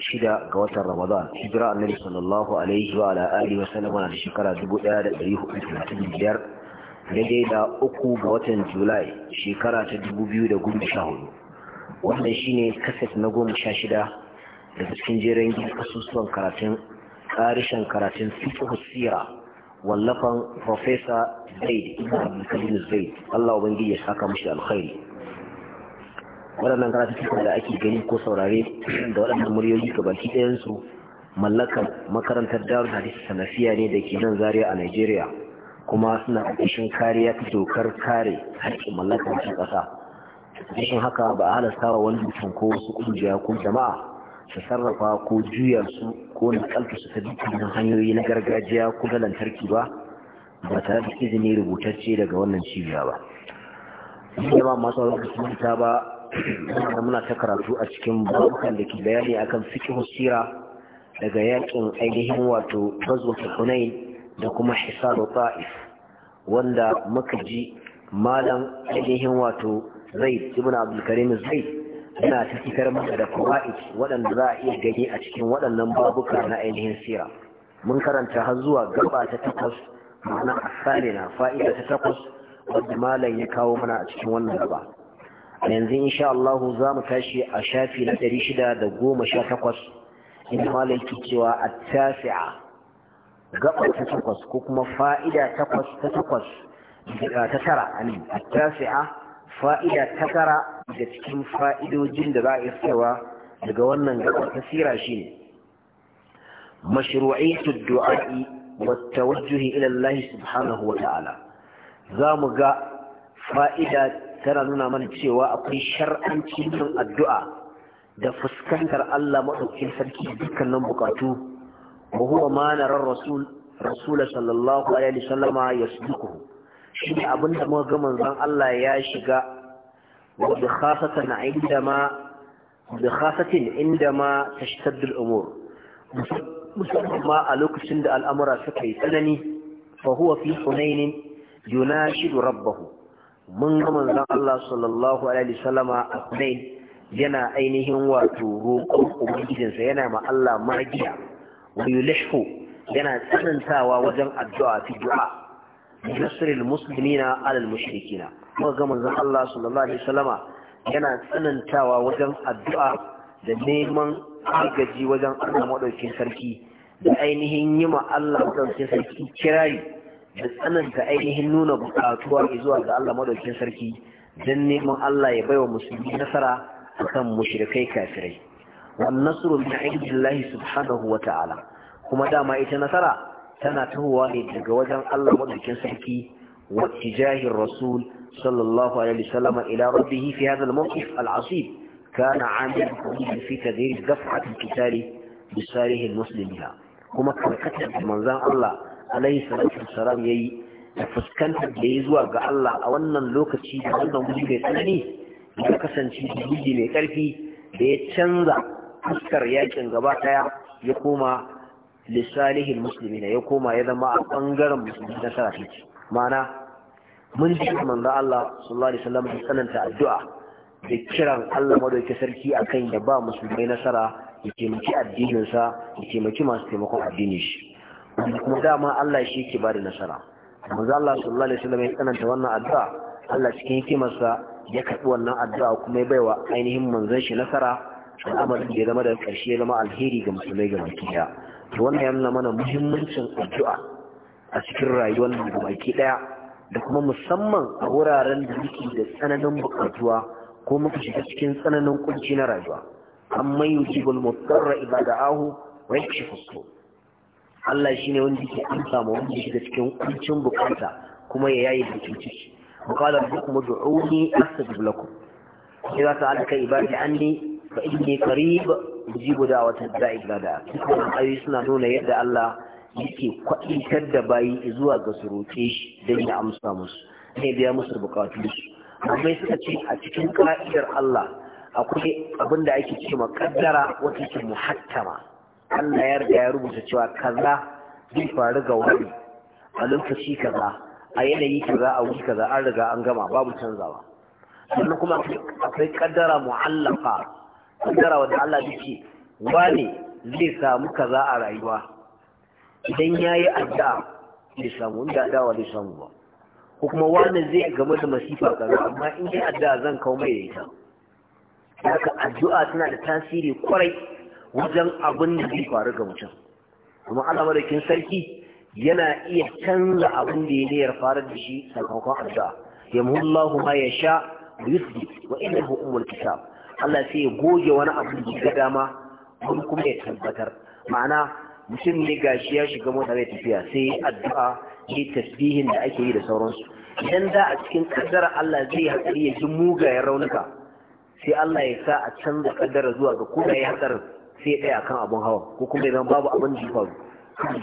shida ga watan Ramadan hijira annabi sallallahu alaihi wa ala alihi wa sallam na shekara 1435 daidai da uku ga watan Julai shekara ta 2014 wannan shine kaset na goma sha shida daga cikin jerin kasusuwan karatun karishen karatun fiqh sira wallafan Profesa Zaid Ibn Abdul Karim Zaid Allah ubangiji ya saka mishi alkhairi waɗannan karatun da ake gani ko saurare da waɗannan muryoyi ga baki ɗayansu mallakar makarantar darun hadisi sanafiya ne da ke nan zariya a nigeria kuma suna ƙarƙashin kariya ta dokar kare haƙƙin mallakar wata ƙasa cikin haka ba a halasta wa wani mutum ko wasu ƙungiya ko jama'a su sarrafa ko juya su ko na su ta dukkanin hanyoyi na gargajiya ko na lantarki ba ba tare da izini rubutacce daga wannan cibiya ba. Yin masu wani ta ba muna ta karatu a cikin babukan da ke bayani akan fiqh sira daga yakin ainihin wato ghazwat kunai da kuma hisab ta'if wanda muka ji malam ainihin wato zaid ibn abdul karim zaid yana ta fitar maka da fawaid waɗanda za a iya gani a cikin waɗannan babuka na ainihin sira mun karanta har zuwa gaba ta takwas ma'ana na fa'ida ta takwas wadda malam ya kawo mana a cikin wannan gaba yanzu insha Allah za mu tashi a shafi na ɗari shida da goma sha takwas inda malam ke cewa a tasi'a gaba ta takwas ko kuma fa'ida takwas ta takwas ta tara amin a tasi'a fa'ida ta tara daga cikin fa'idojin da za a iya daga wannan gaba ta sira shi ne su مشروعية الدعاء والتوجه إلى الله سبحانه وتعالى ga fa'ida. tana nuna mana cewa akwai shar'anci yin addu'a da fuskantar Allah maɗaukin sarki dukkanin bukatu Ba huwa ma narar rasul rasul sallallahu alaihi wasallama yasduquhu shi ne abinda muka manzon Allah ya shiga wa bi indama bi khasatin indama tashtaddu al-umur musamman ma a lokacin da al'amura suka yi tsanani fa huwa fi hunainin yunashidu rabbahu mun gama manzon Allah sallallahu alaihi a Hunain yana ainihin wato roƙon ubangijinsa yana ma Allah magiya wa yulhifu yana tsanantawa wajen addu'a fi du'a nasrul muslimina ala al mushrikina kuma gama manzon Allah sallallahu alaihi yana tsanantawa wajen addu'a da neman agaji wajen Allah madaukakin sarki da ainihin yi ma Allah madaukakin sarki kirari da tsananta ainihin nuna bukatuwa zuwa ga Allah madaukin sarki dan neman Allah ya baiwa musulmi nasara akan mushrikai kafirai wan nasru min indillahi subhanahu wa ta'ala kuma dama ita nasara tana tahowa ne daga wajen Allah madaukin sarki wa tijahir rasul sallallahu alaihi wasallam ila rabbih fi hadha al-mawqif al-asib kana 'amil fi tadhir daf'at al-qital bi sarih al-muslimina kuma karkatar manzan Allah alaihi salatu wassalam yayi da fuskantar da ya zuwa ga Allah a wannan lokaci da wannan wuri mai tsanani ya kasance jirgi mai karfi da ya canza fuskar yakin gaba daya ya koma lissalihin musulmi ya koma ya zama a bangaren musulmi na sarafi ma'ana mun ji manzo Allah sallallahu alaihi wasallam da tsananta addu'a da kiran Allah madauki sarki akan ya ba musulmai nasara ya taimaki addininsa ya taimaki masu taimakon addinin shi kuma dama Allah shi ke bada nasara manzo Allah sallallahu alaihi wasallam ya tsananta wannan addu'a Allah cikin hikimarsa ya karbi wannan addu'a kuma ya baiwa ainihin manzon shi nasara al'amarin da ya zama da ƙarshe ya zama alheri ga musulmai ga baki daya to wannan ya nuna mana muhimmancin addu'a a cikin rayuwar mu ga baki daya da kuma musamman a wuraren da muke da tsananin buƙatuwa ko muka shiga cikin tsananin kunci na rayuwa amma yujibul mudarra ibada'ahu wa yakshifu Allah shi ne wanda ke amsa ma wanda da cikin kuncin bukata kuma ya yayi da cuci qala rabbukum ud'uni astajib lakum idza ta'alaka ibadi anni fa inni qarib ujibu da'wata da'i ila da'a kuma ayi suna nuna yadda Allah yake kwaitar da bayi zuwa ga suruke shi don ya amsa musu ne biya musu bukatu amma suka ce a cikin ka'idar Allah akwai abin da ake ce ma kaddara wata ke muhattama Allah ya riga ya rubuta cewa kaza zai faru ga wani a lokaci kaza a yanayi kaza a wuri kaza an riga an gama babu canzawa sannan kuma akwai kaddara mu'allaka kaddara wanda Allah yake wani zai samu kaza a rayuwa idan yayi addu'a zai samu inda addu'a zai samu ba ko kuma wani zai gama da masifa kaza amma in yi addu'a zan kawo mai ita haka addu'a tana da tasiri kwarai wajen abin da zai faru ga mutum kuma alamarikin sarki yana iya canza abin da ya niyar farar da shi sakamakon addu'a yamhullahu ma ya sha yusbi wa innahu ummul kitab Allah sai ya goge wani abu da ga dama mun kuma ya tabbatar ma'ana mutum ne gashi ya shiga mota zai tafiya sai addu'a ne tasbihin da ake yi da sauransu idan da a cikin kaddara Allah zai hatsari ya ji mugayen raunuka sai Allah ya sa a canza kaddara zuwa ga kuma ya hatsarin sai ya akan kan abun hawa ko kuma idan babu abin da ya faru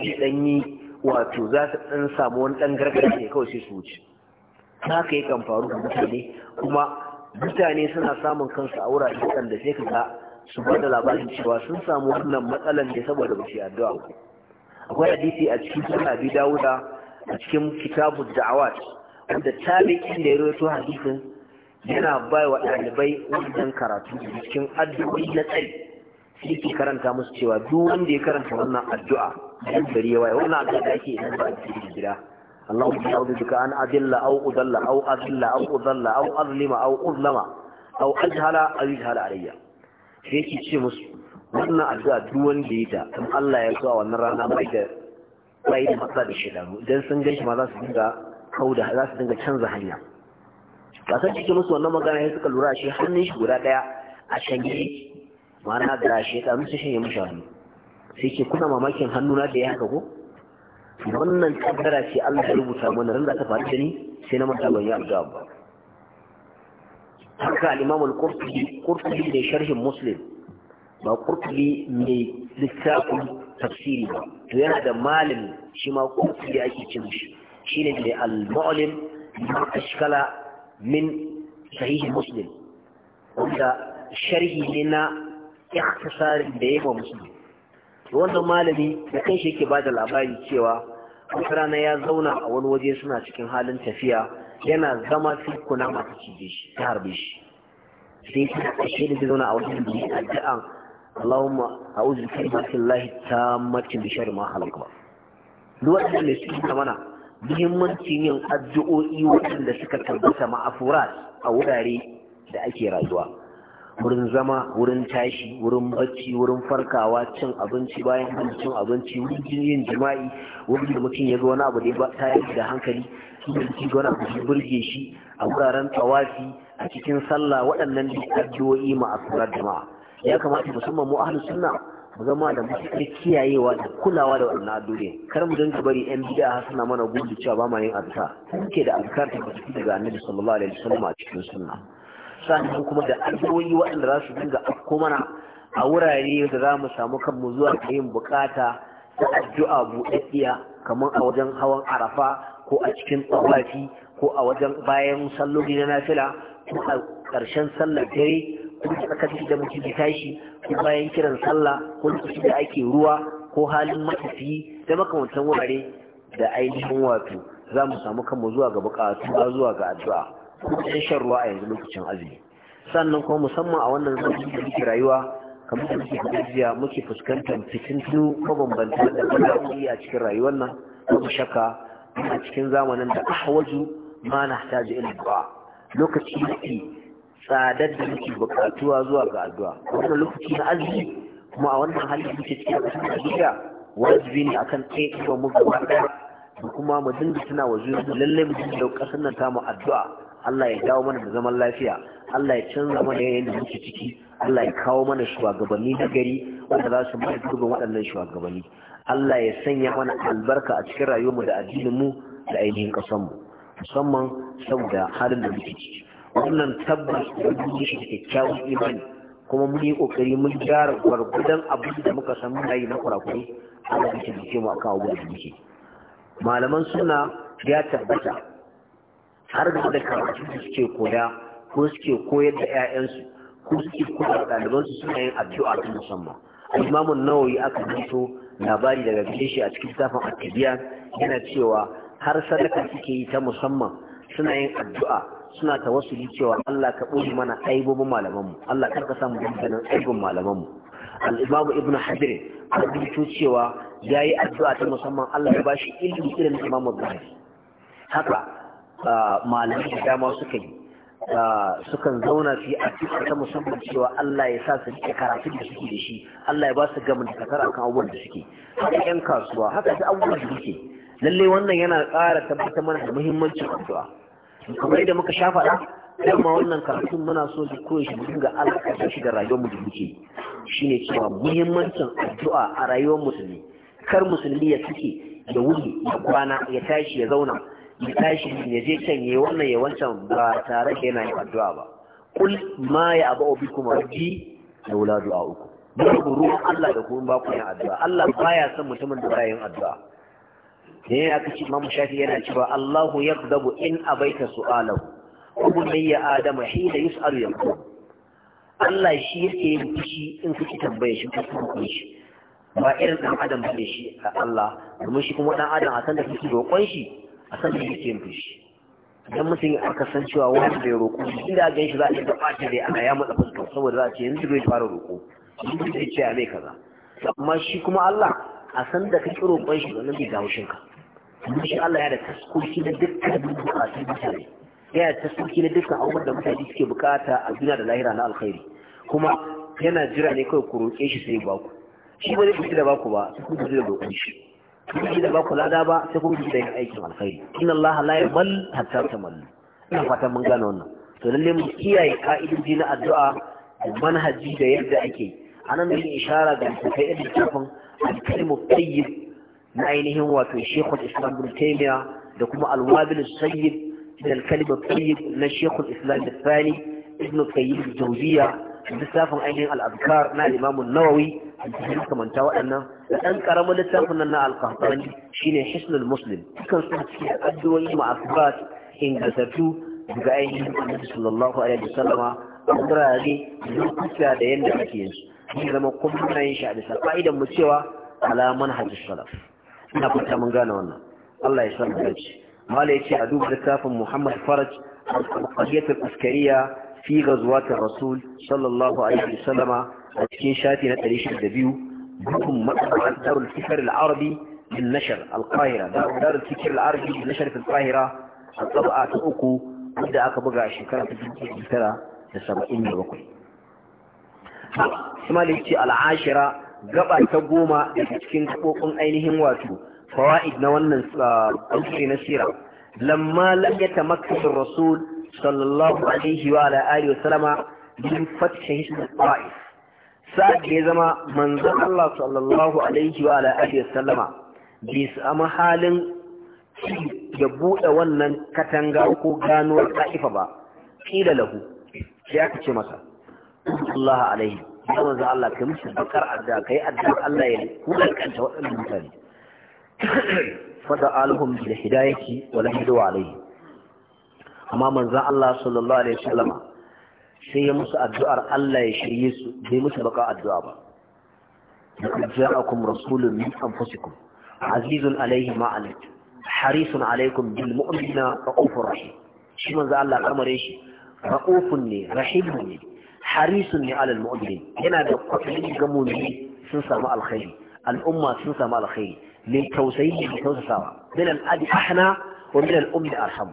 ji dan wato za su dan samu wani dan gargaɗi ne kawai sai su wuce haka yakan faru da mutane kuma mutane suna samun kansu a wurare da sai ka su ba da labarin cewa sun samu wannan matsalan ne saboda ba su addu'a ba akwai hadisi a cikin sunan abi dawuda a cikin kitabu da'awat wanda tabi'in da ya rawaito hadisin yana bai wa ɗalibai wannan karatu cikin addu'o'i na tsari yake karanta musu cewa duk wanda ya karanta wannan addu'a dan gari ya waye wannan addu'a da ake idan ba a cikin gida Allahumma auzu bika an adilla aw udalla aw adilla aw udalla aw azlima aw uzlama aw ajhala aw yajhala alayya sai yake ce musu wannan addu'a duk wanda ya ta in Allah ya so wannan rana bai da bai da matsala da shedanu idan sun ganshi ma za su dinga kauda za su dinga canza hanya Kasance san cikin musu wannan magana sai suka lura shi hannun shi guda daya a shange ma'ana da shekaru su shanye mishi hannu sai ke kuna mamakin hannuna da ya haka ko wannan kaddara ce Allah ya rubuta mana ran da ta faru da ni sai na manta ban yi addu'a ba haka al-Imam al-Qurtubi Qurtubi ne sharhin Muslim ba Qurtubi ne littafin tafsiri ba to yana da malim shi ma Qurtubi ake cin shi shine da al-Mu'lim ma ashkala min sahih Muslim wanda sharhi ne na ikhtisarin da ya wa musulmi wannan malami da kai shi yake bada labari cewa wata rana ya zauna a wani waje suna cikin halin tafiya yana zama sai kuna mata cije shi ta harbe shi sai ta kashe da zauna a wajen da yake addu'an Allahumma a'udhu min kalimatillahi tammati bi sharri ma halaka ba duk wanda ne su mana muhimmancin yin addu'o'i waɗanda suka tabbata ma'afurat a wurare da ake rayuwa wurin zama wurin tashi wurin bacci wurin farkawa cin abinci bayan cin abinci wurin yin jima'i wurin da mutum ya ga wani abu da ya yi da hankali shi da mutum ga wani abu da burge shi a wuraren tawafi a cikin sallah waɗannan da addu'o'i ma'asurar jama'a ya kamata musamman mu ahlus sunna mu zama da matuƙar kiyayewa da kulawa da wannan addu'o'i kar mu dinga bari yan bid'a suna mana gudu cewa ba ma yin addu'a ke da azkar ta daga annabi sallallahu alaihi wasallam a cikin sunna sannan kuma da addu'o'i waɗanda za su dinga afko mana a wurare da za mu samu kanmu zuwa ga yin bukata ta addu'a buɗaɗɗiya kamar a wajen hawan arafa ko a cikin tsawafi ko a wajen bayan salloli na nafila ko a ƙarshen sallar dare ko da da da tashi ko bayan kiran sallah ko lokaci da ake ruwa ko halin matafiyi da makamantan wurare da ainihin wato za mu samu kanmu zuwa ga bukatu zuwa ga addu'a kuma ɗan shan ruwa a yanzu lokacin azumi sannan kuma musamman a wannan lokacin da muke rayuwa kamar da muke gajiya muke fuskantar fitintunu mabambanta da bala'o'i a cikin rayuwar nan babu shakka a cikin zamanin da ahwaju ma na hataji ila du'a lokaci yake tsadar da muke bukatuwa zuwa ga addu'a wannan lokaci na azumi kuma a wannan hali da muke cikin kasar Najeriya wajibi ne akan tsaye wa mu gaba da kuma mu dinga tuna wa zuwa lallai mu dinga kasar nan ta mu addu'a Allah ya dawo mana da zaman lafiya Allah ya canza mana yayin da muke ciki Allah ya kawo mana shugabanni na gari wanda za su mai gurbin waɗannan shugabanni Allah ya sanya mana albarka a cikin rayuwarmu da addinin mu da ainihin mu musamman saboda halin da muke ciki wannan tabbas da duniya shi kyakkyawan imani kuma mun yi kokari mun gyara gwargwadon abin da muka san muna yi na kurakuri Allah ya ce mu kawo abubuwan da muke malaman suna ya tabbata har da da karatu da suke koya ko suke koyar da 'ya'yansu ko suke koyar da ɗalibansu suna yin addu'a ta musamman imamun nawawi aka fito labari daga gare shi a cikin littafin at yana cewa har sadaka suke yi ta musamman suna yin addu'a suna tawassuli cewa Allah ka ɓoye mana aibobin malamanmu Allah kar ka samu dukkanin aibin malamanmu al-imamu ibnu hadir a rubuto cewa yayi addu'a ta musamman Allah ya bashi ilimi irin imamu buhari haka malamai da dama suka yi sukan zauna fi a ta musamman cewa Allah ya sa su rike karatun da suke da shi Allah ya ba su gamin da kasar akan abubuwan da suke haka yan kasuwa haka ta abubuwan da suke lallai wannan yana ƙara tabbatar mana da muhimmancin addu'a kamar yadda muka sha faɗa ma wannan karatun muna so da koyi shi dinga alaƙa shi da rayuwar mu da muke shine cewa muhimmancin addu'a a rayuwar musulmi kar musulmi ya suke ya wuce ya kwana ya tashi ya zauna ya tashi ya je can ya wannan ya wancan ba tare da yana yin addu'a ba kul ma ya abu obi kuma rabbi da wula du'a uku ku ruwan Allah da kuma ba ku yin addu'a Allah baya son mutumin da bayan yin addu'a da ya aka ci mamu Shafi yana cewa Allahu zabu in abaita su'alahu kuma mai ya adama da yus'alu ku Allah shi yake yin fushi in kuke tambaye shi kuma shi ba irin dan adam ne shi a Allah domin shi kuma dan adam a san da kike roƙon shi a san da yake yin shi dan mutum aka san cewa wani bai roƙo inda ga shi za a yi da ɓata dai ana ya matsa fuskar saboda za a ce yanzu bai fara roƙo yanzu bai ce a mai kaza amma shi kuma Allah a san da kake roƙon shi wannan bai dawo shinka amma shi Allah ya da taskoki na dukkan bukatun mutane ya da taskoki na dukkan abubuwan da mutane suke bukata a duniya da lahira na alkhairi kuma yana jira ne kawai ku roƙe shi sai ba ku shi ba zai fita da ba ku ba ku da roƙon shi kuma da ba ku lada ba sai ku da yin aikin alkhairi inna allaha la yaqbal hatta tamallu ina fatan mun gano wannan to lalle mu kiyaye ka'idoji na addu'a da manhaji da yadda ake anan ne ishara ga kai da littafin al-kalimu tayyib na ainihin wato shekul islam bin taymiya da kuma al-wabil sayyid da al-kalimu tayyib na shekul islam al-thani ibn qayyim al da littafin ainihin al-azkar na al-imam an-nawawi da kamanta waɗannan da ɗan ƙaramin littafin nan na alƙahtarani shine hisnul muslim dukan su cikin addu'o'i ma'asubat ingantattu daga ainihin annabi sallallahu alaihi wa wasallama a wurare lokuta da yadda ake yin su zai zama kuma yin shi a bisa fa'idan mu cewa alaman hajji salaf ina fata mun gane wannan Allah ya san da shi mala yace a duba littafin Muhammad Faraj al-Qadiyat al-Askariya fi ghazwat ar-Rasul sallallahu alaihi wa wasallama a cikin shafi na 102 بكم مطبعة دار الفكر العربي للنشر القاهرة دار الفكر العربي للنشر في القاهرة الطبعة تأكو wadda aka buga a shekara ta dubu tara da saba'in da bakwai. Kuma da ce al'ashira gaba ta goma daga cikin gaɓoɓin ainihin wato fawa'id na wannan ɓangare na sira. Lamma lam ya tamakkasin Rasul sallallahu alaihi wa salama sa'ad da ya zama manzan Allah sallallahu alaihi wa alihi sallama bai samu halin ya buɗe wannan katanga ko gano ta'ifa ba qila lahu sai aka ce masa Allah alaihi ya manzan Allah kai musu bakar adda kai adda Allah ya kanta waɗannan mutane fada alhum da hidayaki wa la alaihi amma manzan Allah sallallahu alaihi sallama, sai ya musu addu'ar Allah ya shirye su bai musu baka addu'a ba laqad ja'akum rasulun min anfusikum azizun alayhi ma anittum harisun alaykum bil mu'minina ra'ufur rahim shi manzo Allah kamare shi ra'ufun ne rahimun ne harisun ne alal mu'minin yana da kwaɗayin ga mu'mini sun samu alkhairi al'umma sun samu alkhairi mai tausayi ne mai tausasawa min al'adi ahna wa min al'ummi arham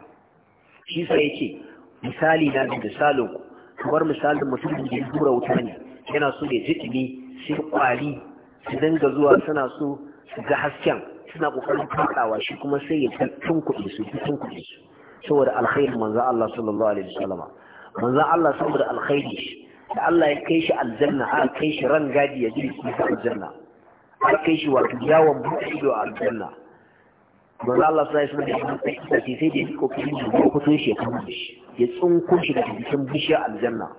shi sai yake misali na da misalin ku kamar misalin mutumin da ya dura wuta ne yana so ya ji ɗumi sai kwari su dinga zuwa suna so su ga hasken suna kokarin fadawa shi kuma sai ya tun kuɗi su tun kuɗi su saboda alkhairi, manzo Allah sallallahu alaihi wasallam manzo Allah saboda alkhairi da Allah ya kai shi aljanna a kai shi ran ya ji shi aljanna a kai shi wato yawon buɗe ido a aljanna manzo Allah sai shi da hadisi da sai da ko kin da ya fito shi ya da shi ya tsunko shi da cikin bishiya aljanna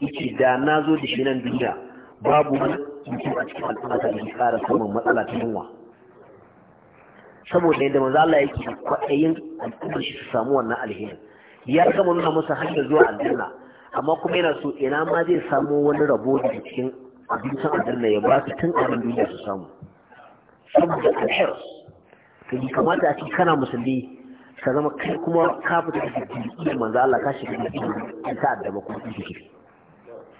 yace da na zo da shi nan duniya babu wani mutum a cikin al'umma da ya fara samun matsala ta yunwa saboda yadda manzo Allah yake kwaɗayin al'umma shi su samu wannan alheri ya gama nuna musu hanyar zuwa aljanna amma kuma yana so ina ma zai samo wani rabo da cikin abincin aljanna ya ba su tun a duniya su samu saboda alheri to bai kamata a ce kana musulmi ka zama kai kuma ka fita da jiki manzo Allah ka shiga jiki in ka addaba kuma kike kike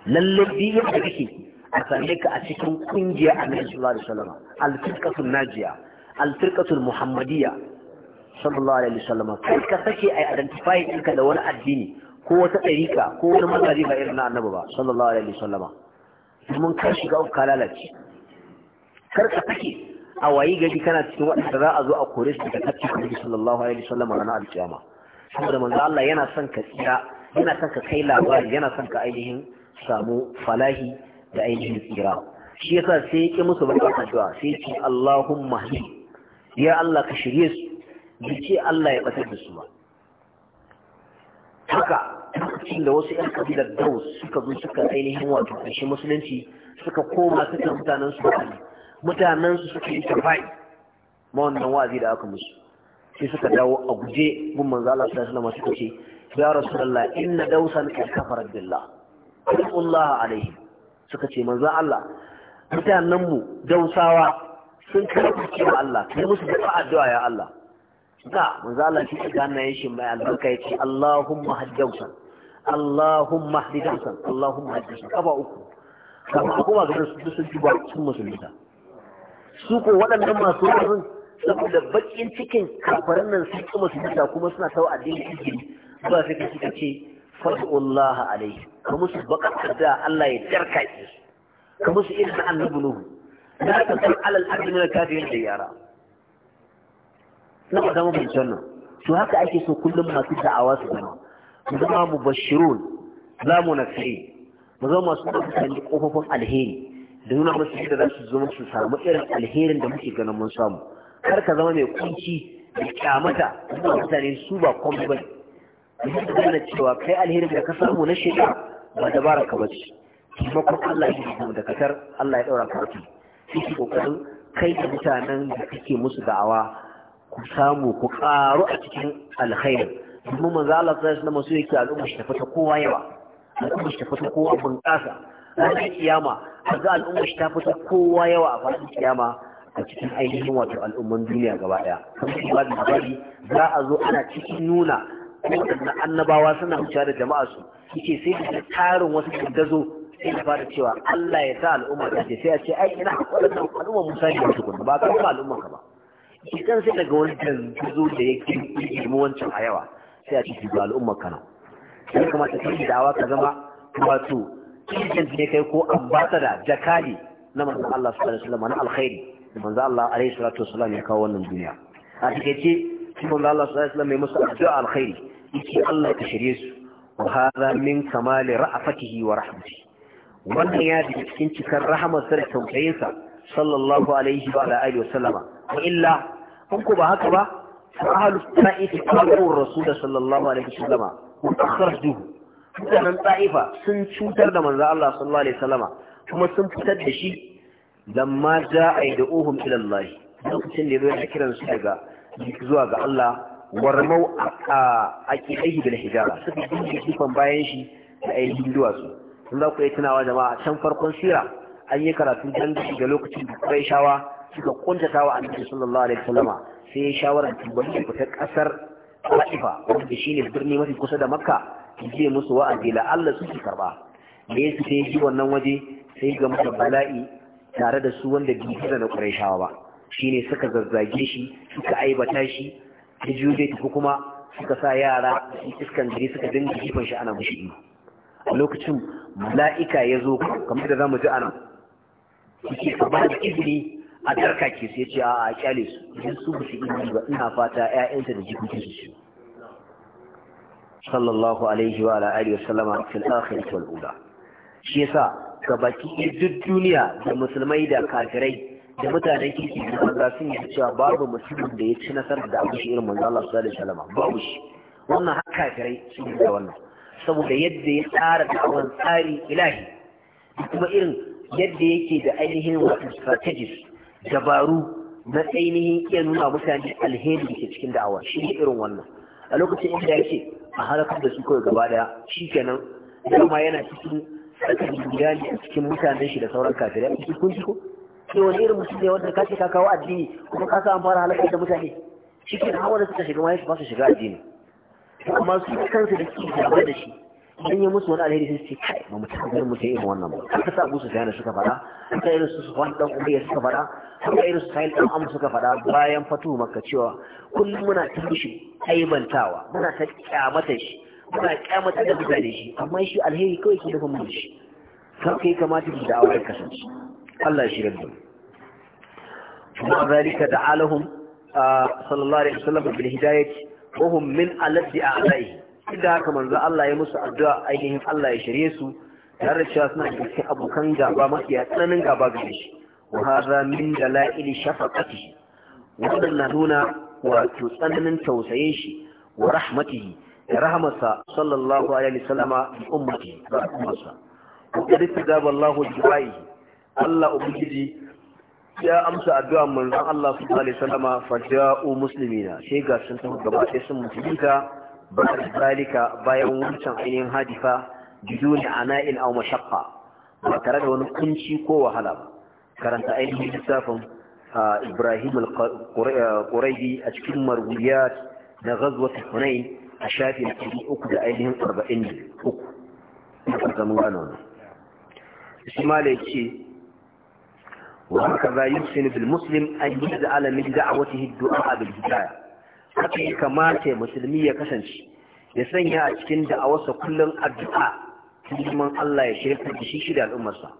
lalle biyu da kike a same ka a cikin kungiya Annabi sallallahu alaihi wasallam al-firqatu najiya al-firqatu muhammadiyya sallallahu alaihi wasallam kai ka sake ai identify ɗinka da wani addini ko wata ɗariƙa ko wani mazhabi ba irin na Annabi ba sallallahu alaihi wasallam domin kar shiga ka lalace kar ka sake a waye gari kana cikin waɗanda za a zo a kore su daga kacin annabi sallallahu alaihi wasallam ranar aljama? saboda manzo Allah yana son ka tsira yana son ka kai labari yana son ka ainihin samu falahi da ainihin tsira shi yasa sai ya ki musu barka addu'a sai ya ce Allahumma hdi ya Allah ka shirye su bi ce Allah ya batar da su ba haka lokacin da wasu ‘yan kabilar Daus suka zo suka ainihin wato ƙarshe musulunci suka koma suka mutanen su Mutanensu suke yi tafai ma wannan wa'azi da aka musu sai suka dawo a guje mun manzo Allah sallallahu alaihi wasallam suka ce ya rasulullah inna dausan qad kafara billah Allah alaihi suka ce manzo Allah mutanen mu dausawa sun karɓi wa Allah kai musu da addu'a ya Allah da manzo Allah shi ga nan shi mai albarka yace Allahumma haddausan Allahumma haddausan Allahumma haddausan kafa uku kaba kuma ga su sun ji ba sun musulunta su ko waɗannan masu ruwan saboda bakin cikin kafaran nan sun kuma su yi kuma suna sau addini izini ba sai ka suka ce fad'ullaha alai ka musu bakatar da Allah ya jarka ki ka musu irin annabi nuhu Na ta san alal admin kafirin da yara na zama mun nan. to haka ake so kullum masu da'awa su zama mu zama mubashirun za mu nasiri mu zama masu da kofofin alheri da nuna musu yadda za su zama su samu irin alherin da muke ganin mun samu kar ka zama mai kunci da kyamata da mutane su ba komai ba da gane cewa kai alherin da ka samu na shekara ba dabara ka bace taimakon Allah shi da dakatar Allah ya daura ka wato shi kokarin kai da mutanen da kake musu da'awa ku samu ku karu a cikin alkhairin domin manzo Allah sallallahu alaihi wasallam so yake al'umma shi tafi ta kowa yawa al'umma shi tafi ta kowa bunƙasa ranar kiyama a ga al'umma shi ta fita kowa yawa a faɗin kiyama a cikin ainihin wato al'umman duniya gaba ɗaya babu babu za a zo ana cikin nuna waɗannan annabawa suna wuce da jama'a su yake sai da tarin wasu dangazo sai da fara cewa Allah ya sa al'umma ta ce sai a ce ai ina waɗannan al'umma Musa ne su kuma ba ka ba al'umma ka ba idan sai daga wani dangazo da yake girma wancan a yawa sai a ce ga al'umma kana sai kamata kai awa ka zama wato agent ne kai ko ambassador jakali na manzon Allah sallallahu alaihi wasallam na alkhairi da manzon Allah alaihi salatu wasallam ya kawo wannan duniya a takeice shi manzon Allah sallallahu alaihi wasallam ya musu addu'a alkhairi yace Allah ka shirye su wa hadha min kamali ra'afatihi wa rahmatihi wannan ya fi cikin cikar rahamarsa da tausayinsa sallallahu alaihi wa alihi wasallama wa illa in ku ba haka ba fa ahlus ta'if qalu rasul sallallahu alaihi wasallama wa akhrajuhu mutanen ta'ifa sun cutar da manzo Allah sallallahu alaihi wasallama kuma sun fitar da shi lamma ja'a da uhum ila Allah lokacin da yazo ya kiran su daga zuwa ga Allah warmau aqidaihi bil hijara suka dinga kifan bayan shi da ainihin su. sun za ku yi tunawa jama'a can farkon sira an yi karatu dan ga lokacin da shawa suka kuntata wa Annabi sallallahu alaihi wasallama sai ya shawara tubali ku ta kasar Ta'ifa wanda shine birni mafi kusa da Makka je musu wa'azi la Allah su su karba me yake sai shi wannan waje sai ga masa bala'i tare da su wanda bai da Qurayshawa ba shine suka zazzage shi suka aibata shi da jude tafi kuma suka sa yara iskan gari suka dinga jifan shi ana mushi a lokacin mala'ika ya zo kamar da zamu ji anan suke kamar da izini a tarka ke sai ce a kyale su idan su ba su ba ina fata 'ya'yanta da jikokin su sallallahu alaihi wa alihi wa sallama fil akhirati wal ula shi yasa ga baki duk duniya da musulmai da kafirai da mutanen kirki da maza sun yi cewa babu musulmin da ya ci nasarar da abu shi irin manzo Allah sallallahu alaihi wa sallama babu shi wannan har kafirai sun yi da wannan saboda yadda ya tsara da'awar tsari ilahi kuma irin yadda yake da ainihin wasu strategies dabaru na ainihin iya nuna mutane alheri da ke cikin da'awa shi ne irin wannan a lokacin inda ya ce a halakar da su kawai gaba daya kenan ma yana cikin tsakan guda ne a cikin mutanen shi da sauran kafirai a cikin kunci ko sai wani irin mutum ne wanda kace ka kawo addini kuma ka sa an fara halakar da mutane shikenan hawa da suka shiga ma ba su shiga addini amma su kansu da suke da shi an yi musu wani alheri sai ce kai ba mu taɓa ganin mutum irin wannan ba haka sa musu sai suka faɗa haka irin su Sufwan dan ya suka faɗa haka irin su Sa'id dan Amr suka faɗa bayan fatu maka cewa kullum muna ta mishi aibantawa muna ta kyamata shi muna kyamata da mutane shi amma shi alheri kawai ke dafa mu shi kar kai kamata ki da'awa ya kasance Allah ya shirya da kuma zalika da'alahum ah, sallallahu alaihi wasallam bil hidayati wa hum min alladhi a'laihi da haka manzo Allah ya musu addu'a ainihin Allah ya shirye su tare da suna cikin abokan gaba mafiya tsananin gaba gare shi wa hadha min dalail shafaqatihi wannan na nuna wato tsananin tausayin shi wa rahmatihi da rahmasa sallallahu alaihi wasallama bi ummati da ummarsa wa qad istijaba Allahu du'ai Allah ubangiji ya amsa addu'a manzon Allah sallallahu alaihi wasallama fa ja'u muslimina sai ga sun tafi gaba sai sun mutunta بعد zalika bayan wancan ainihin hadifa a ana'in a mashakka ba tare da wani kunci ko wahala ba karanta ainihin lissafin Ibrahim al-Quraibi a cikin marwiyat na ghazwat Hunain a shafin na uku da ainihin 43 da zaman gano Ismail ce وهكذا يحسن بالمسلم أن يجعل من دعوته الدعاء بالهداية haka ya kamata musulmi ya kasance ya sanya a cikin da a da'awarsa kullum addu'a neman Allah ya shirka da shi shi da al'ummarsa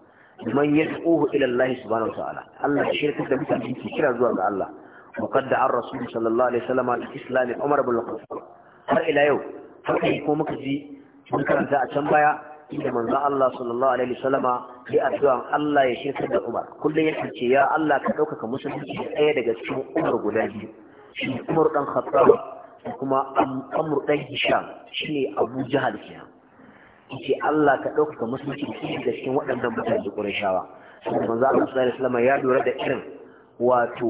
man yad'uhu ila ilallahi subhanahu wa ta'ala Allah ya shirka da mutane su kira zuwa ga Allah muqadda an rasul sallallahu alaihi wasallam al islam Umar bin Khattab har ila yau haka ko muka ji mun karanta a can baya inda manzo Allah sallallahu alaihi wasallam ya addu'a Allah ya shirka da Umar kullum ya ce ya Allah ka dauka musulunci ɗaya daga cikin Umar guda biyu shi umar dan khattab da kuma amr dan hisham shine abu jahal kenan yace Allah ka dauka musulunci da cikin waɗannan mutane Qurayshawa manzo Allah sallallahu alaihi wasallam ya lura da irin wato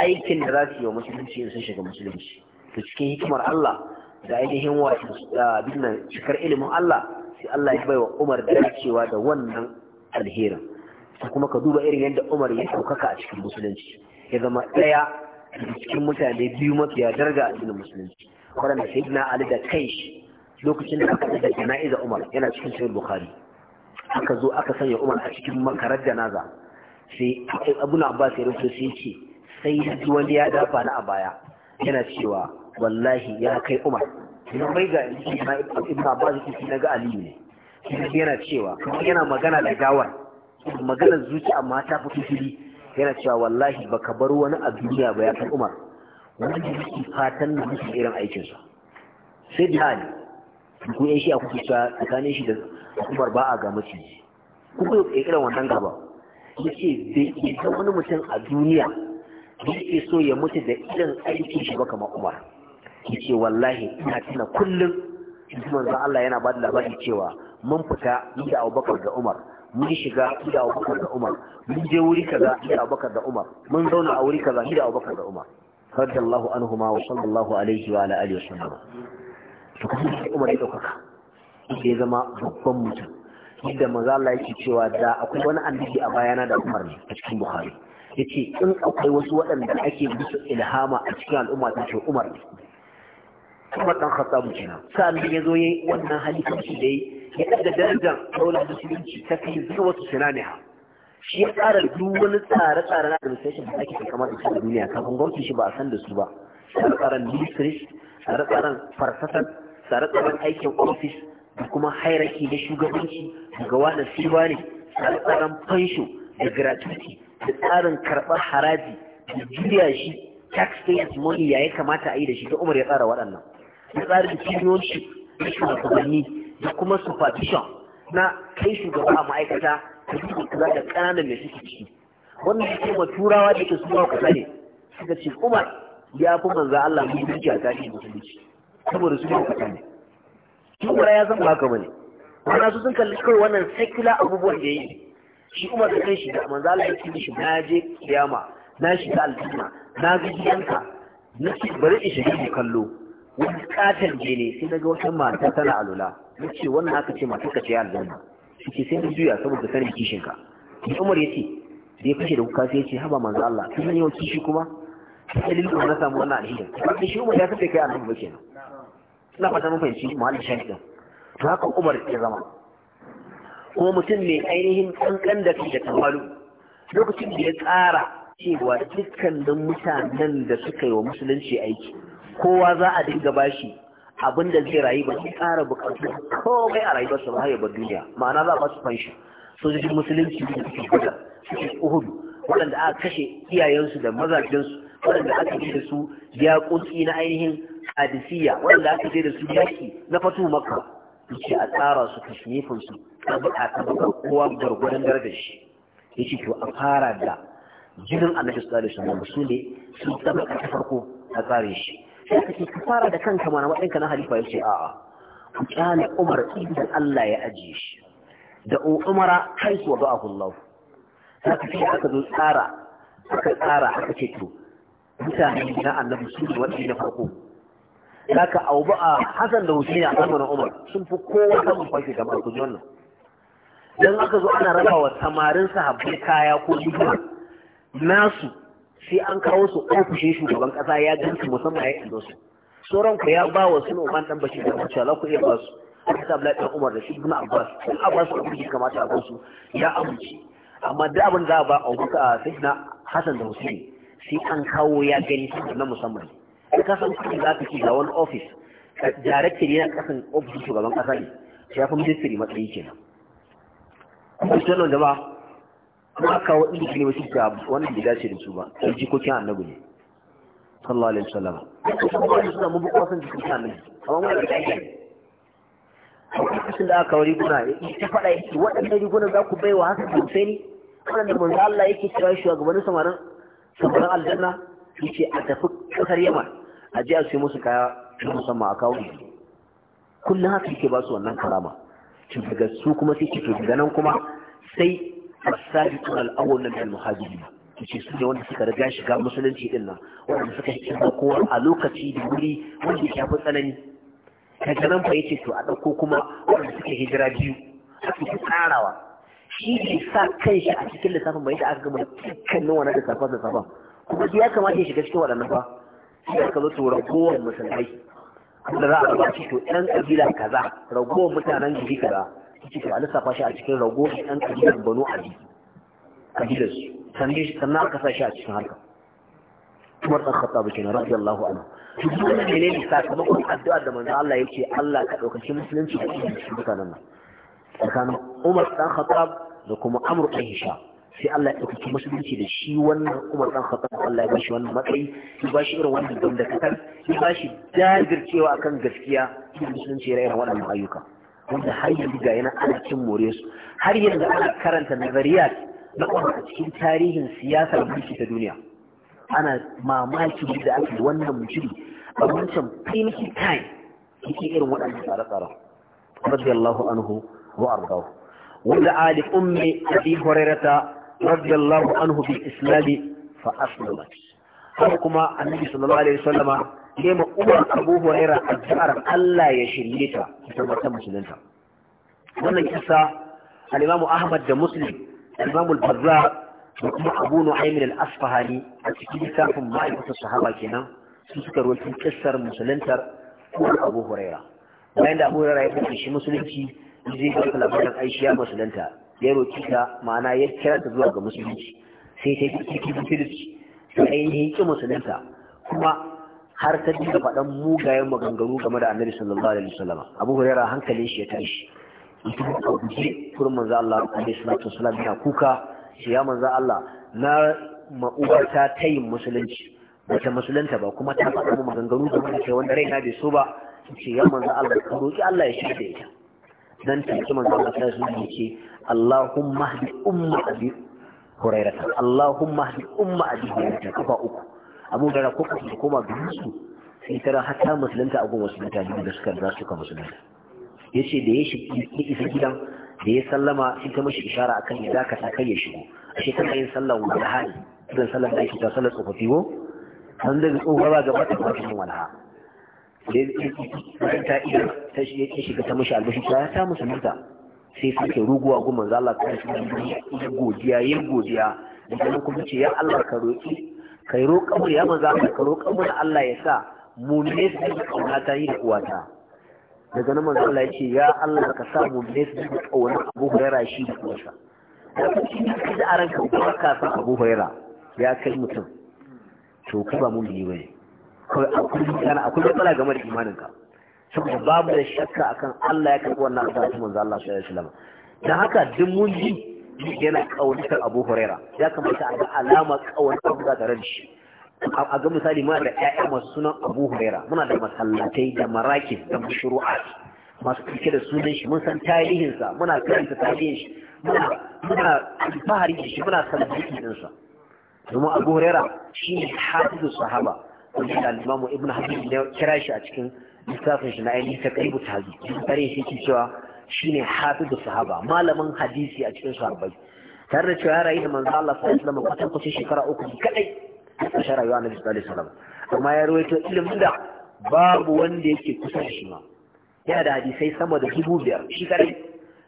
aikin da za yi wa musulunci in sun shiga musulunci to cikin hikimar Allah da ainihin wato ah, cikar ilimin Allah sai Allah ya baiwa Umar dacewa da wannan alherin kuma ka duba irin yadda Umar ya ɗaukaka a cikin musulunci ya zama ɗaya cikin mutane biyu mafiya darga a cikin musulunci waɗanda sai na ali da kai lokacin da aka da jana'iza umar yana cikin sayar bukari aka zo aka sanya umar a cikin makarar janaza sai abuna abbas ya rubuta sai ce sai wani ya dafa na a baya yana cewa wallahi ya kai umar na ga ibn abbas na ga aliyu ne yana cewa yana magana da gawar Maganar zuci amma ta fito fili yana cewa wallahi baka bar wani a duniya ba ya san umar wanda yake fatan da yake irin aikin sa sai da hali ku yi shi a kuke cewa tsakanin shi da umar ba a ga maciji ku ku irin wannan gaba ya ce bai san wani mutum a duniya da yake so ya mutu da irin aikin shi ba kamar umar ya ce wallahi ina tuna kullum in manzo Allah yana ba da labari cewa mun fita ni da Abubakar da Umar mun shiga ida abubakar da umar mun je wuri kaza ida abubakar da umar mun zauna a wuri kaza ida abubakar da umar radiyallahu anhuma wa sallallahu alaihi wa ala alihi wa sallam to kuma sai umar ya daukaka sai ya zama babban mutum yadda maza Allah yake cewa da akwai wani annabi a bayana da umar ne a cikin bukhari yace in akwai wasu waɗanda ake musu ilhama a cikin al'umma ta ce umar ne kuma dan khattabu kenan sai annabi ya zo yayi wannan halifanci da yayi ya ɗaga darajar daular musulunci ta fi zuwa wasu sinaniha shi ya tsara duk wani tsare-tsare na administration da ake kama da shi a duniya kafin gwamnati shi ba a san da su ba tsare-tsaren ministry tsare-tsaren farfasar tsare-tsaren aikin ofis da kuma hairaki na shugabanci daga wani silba ne tsare-tsaren fansho da gratuity da tsarin karɓar haraji da juya shi payers money ya yi kamata a yi da shi ta umar ya tsara waɗannan Ya da tsarin cibiyoyi na shugabanni da kuma supervision na kai shugaba a ma'aikata ta yi da kula da ƙananan mai suke ciki wannan ya kuma turawa da ke ma kusa ne suka ce umar ya fi manza Allah mu yi a tashi musulunci saboda su ma kusa ne shi umar ya san haka bane wannan su sun kalli kawai wannan secular abubuwan da ya yi shi umar da shi da manza Allah ya ce mishi na je kiyama na shiga aljanna na ga gidanka na ce bari in shiga mu kallo wani katon jini sai daga wata mata tana alula ya ce wannan aka ce masu ka ce aljanna Su ce sai juya saboda sanin kishinka da umar ya ce da ya fashe da kuka sai ya ce haba manzo Allah kun san yawan kishi kuma sai lilko na samu wannan alheri ba shi umar ya kace kai alhiyar ba kenan ina fata mun fahimci muhallin shahidin to haka umar ya zama kuma mutum mai ainihin kankan da kai da tawalu lokacin da ya tsara cewa dukkanin mutanen da suka yi wa musulunci aiki kowa za a dinga bashi abin da zai rayu ba su ƙara bukatu komai a rayuwarsa ba har duniya ma'ana za a basu fanshi sojojin musulunci da suke gudan suke uhudu waɗanda aka kashe iyayensu da mazajensu waɗanda aka yi da su yaƙoƙi na ainihin adisiyya waɗanda aka je da su yaƙi na fatu makka yace a tsara su tashnifin su a buƙatar kowa gwargwadon darajar shi yace to a fara da jinin annabi sallallahu alaihi wasallam su ne su tabbata ta farko a tsarin shi sai ka ce ka fara da kanka mana waɗanka na halifa ya ce a'a ku kyale umar idan Allah ya ajiye shi da umara haisu wa ba'ahu Allah haka kake aka zo tsara aka tsara aka ce to mutane na annabi su ne waɗanda na farko ka abu a hasan da husaini a zamanin umar sun fi kowa samun fashe gaba masu ji wannan dan aka zo ana raba wa samarin sahabbai kaya ko jiya nasu sai an kawo su ofishin shugaban kasa ya gansu musamman ya indo su sauran ku ya ba wa sunu ban dan bashi da cewa ku iya ba su aka sa Abdullahi dan Umar da shi Abbas sai Abbas ko kuma kamata a su ya amince amma da abin za a ba a sai na Hassan da Hussein sai an kawo ya gani na musamman sai ka san kuma za ka ci ga wani office director yana kasan ofishin shugaban kasa ne ya fi ministry matsayi kenan. Kuma jama'a kuma kawo inda ne wasu ga wannan bai dace da su ba sai jikokin annabi ne sallallahu alaihi wasallam kuma suna mu bukwa san jikokin annabi amma wannan da yake a lokacin da aka kawo riguna ta faɗa yake waɗannan rigunan za ku bai wa haka sosai ne waɗanda manzo Allah yake kira shugabannin samarin samarin aljanna yace a tafi kasar yamma a je a sayo musu kaya ta musamman a kawo kullum haka yake ba su wannan karama to daga su kuma sai ke to kuma sai as-sabiqun al-awwal min al-muhajirin ce su ne wanda suka riga shiga musulunci din nan wanda suka da kowa a lokaci da wuri wanda ya fi tsanani daga nan fa yace to a dauko kuma wanda suka hijira biyu a cikin tsarawa shi ne sa kanshi a cikin lissafin bai da aka gama dukkanin wannan da lissafin kuma ya kamata ya shiga cikin waɗannan fa sai aka zo to ragowar musulmai da za a ba shi to ɗan ƙabila kaza ragowar mutanen gari kaza kike to alisafa shi a cikin rago ɗan kabilar banu abi kabilar su sannan aka sa shi a cikin harka Umar ɗan Khattab kenan radiyallahu anhu to duk wannan menene sakamakon addu'ar da manzo Allah yake Allah ka daukaci musulunci da cikin mutanen nan tsakanin Umar ɗan Khattab da kuma Amr ɗan Hisham sai Allah ya ɗaukaki musulunci da shi wannan Umar ɗan Khattab Allah ya bashi wannan matsayi ya bashi irin wannan dangantakar ya bashi jajircewa akan gaskiya musulunci ya irin waɗannan ayyuka wanda har yanzu ga yana ana cin more su har yanzu ana karanta nazariyat na wanda a cikin tarihin siyasar mulki ta duniya ana mamaki da ake wannan mutumi a wancan pinky time yake irin waɗannan tsare-tsaren radiyallahu anhu wa ardahu wanda ali ummi abi hurairata radiyallahu anhu bil islami fa aslamat har kuma annabi sallallahu alaihi wasallama Nema ma umar abu huraira addu'ar Allah ya shirye ta ta musulunta wannan kisa al-imamu ahmad da muslim al-imamu al da kuma abu nu'aymin al-asfahani a cikin littafin ma'aikatar sahaba kenan su suka rawaito kissar musuluntar umar abu huraira bayan da abu huraira ya kace shi musulunci zai ga labarin aisha musulunta ya roki ta ma'ana ya kira ta zuwa ga musulunci sai ta yi cikin musulunci sai ainihin ki musulunta kuma har ta dinga faɗan mugayen maganganu game da annabi sallallahu alaihi wasallam abu hurairah hankalin shi ya tashi ita guje kurin manzo Allah alaihi salatu wasallam yana kuka shi ya manzo Allah na ma'ubarta ta yin musulunci wata musulunta ba kuma ta faɗa mu maganganu game da ke wanda raina bai so ba ce ya manzo Allah ka roki Allah ya shirya ita dan take manzo Allah ta su ce Allahumma hdi umma abi hurairata Allahumma hdi umma abi hurairata kafa uku abu gara ko kuma koma ga su sai tara hatta musulunta agun wasu mutane da suka riga ka musulunta yace da ya shi isa gidan da ya sallama sai ta mashi ishara akan ya dakata kai ya shigo ashe kana yin sallan walaha idan sallan da ake ta sallar tsofaffi ko an da tsohuwa ba gaba da wata walaha da ta iya ta shiga ta mashi albashi ta ta musulunta sai suke ruguwa gun manzo Allah ta shi da godiya yin godiya da kuma ce ya Allah ka roki kai roƙa mu ya maza ka ka roƙa mu Allah ya sa mu ne su kauna ta yi da uwata daga nan manzo Allah ya ce ya Allah ka sa mu ne su kauna Abu Hurairah shi da uwarsa da kuma shi da aran ka kuma ka sa Abu Hurairah ya kai mutum to ku ba mu ne bane kawai akwai kana akwai matsala game da imanin ka saboda babu da shakka akan Allah ya karɓi wannan addu'a ta manzo Allah sallallahu alaihi wasallam dan haka duk mun ji yana ƙaunatar abu huraira ya kamata a ga alama ƙaunatar abu za ta shi a ga misali muna da ƴaƴa masu sunan abu huraira muna da masallatai da marakis da mashuru'at masu cike da sunan shi mun san tarihinsa muna karanta tarihin shi muna alfahari da shi muna san sa. domin abu huraira shi ne hafizu sahaba wanda da alimamu ibn hajji ya kira shi a cikin lissafin shi na ainihin ta karibu tazi tare shi cewa shine hafizu sahaba malamin hadisi a cikin sahabbai tare da cewa ya rayu da manzo Allah sallallahu alaihi wasallam kwatan kwatan shekara uku kadai a shi rayuwa annabi sallallahu alaihi wasallam amma ya rawaito ilimin da babu wanda yake kusa da shi ma yana da hadisai sama da dubu biyar shi kadai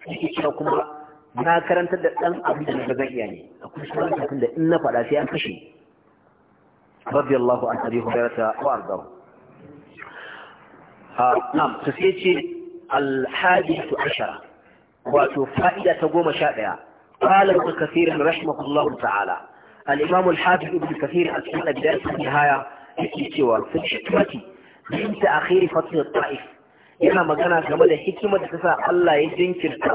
yake cewa kuma na karanta da ɗan abu da na zan iya ne akwai shi wani da in na faɗa sai an kashe رضي الله عن أبي هريرة وأرضاه آه نعم تسيتي الحادية عشرة وفائدة قوم شابعة قال ابن كثير رحمه الله تعالى الإمام الحافظ ابن كثير أسئلة في النهاية الاستوار في الشكمة من تأخير فتح الطائف إما ما كان كما ذا حكمة تسا الله يزين كرتا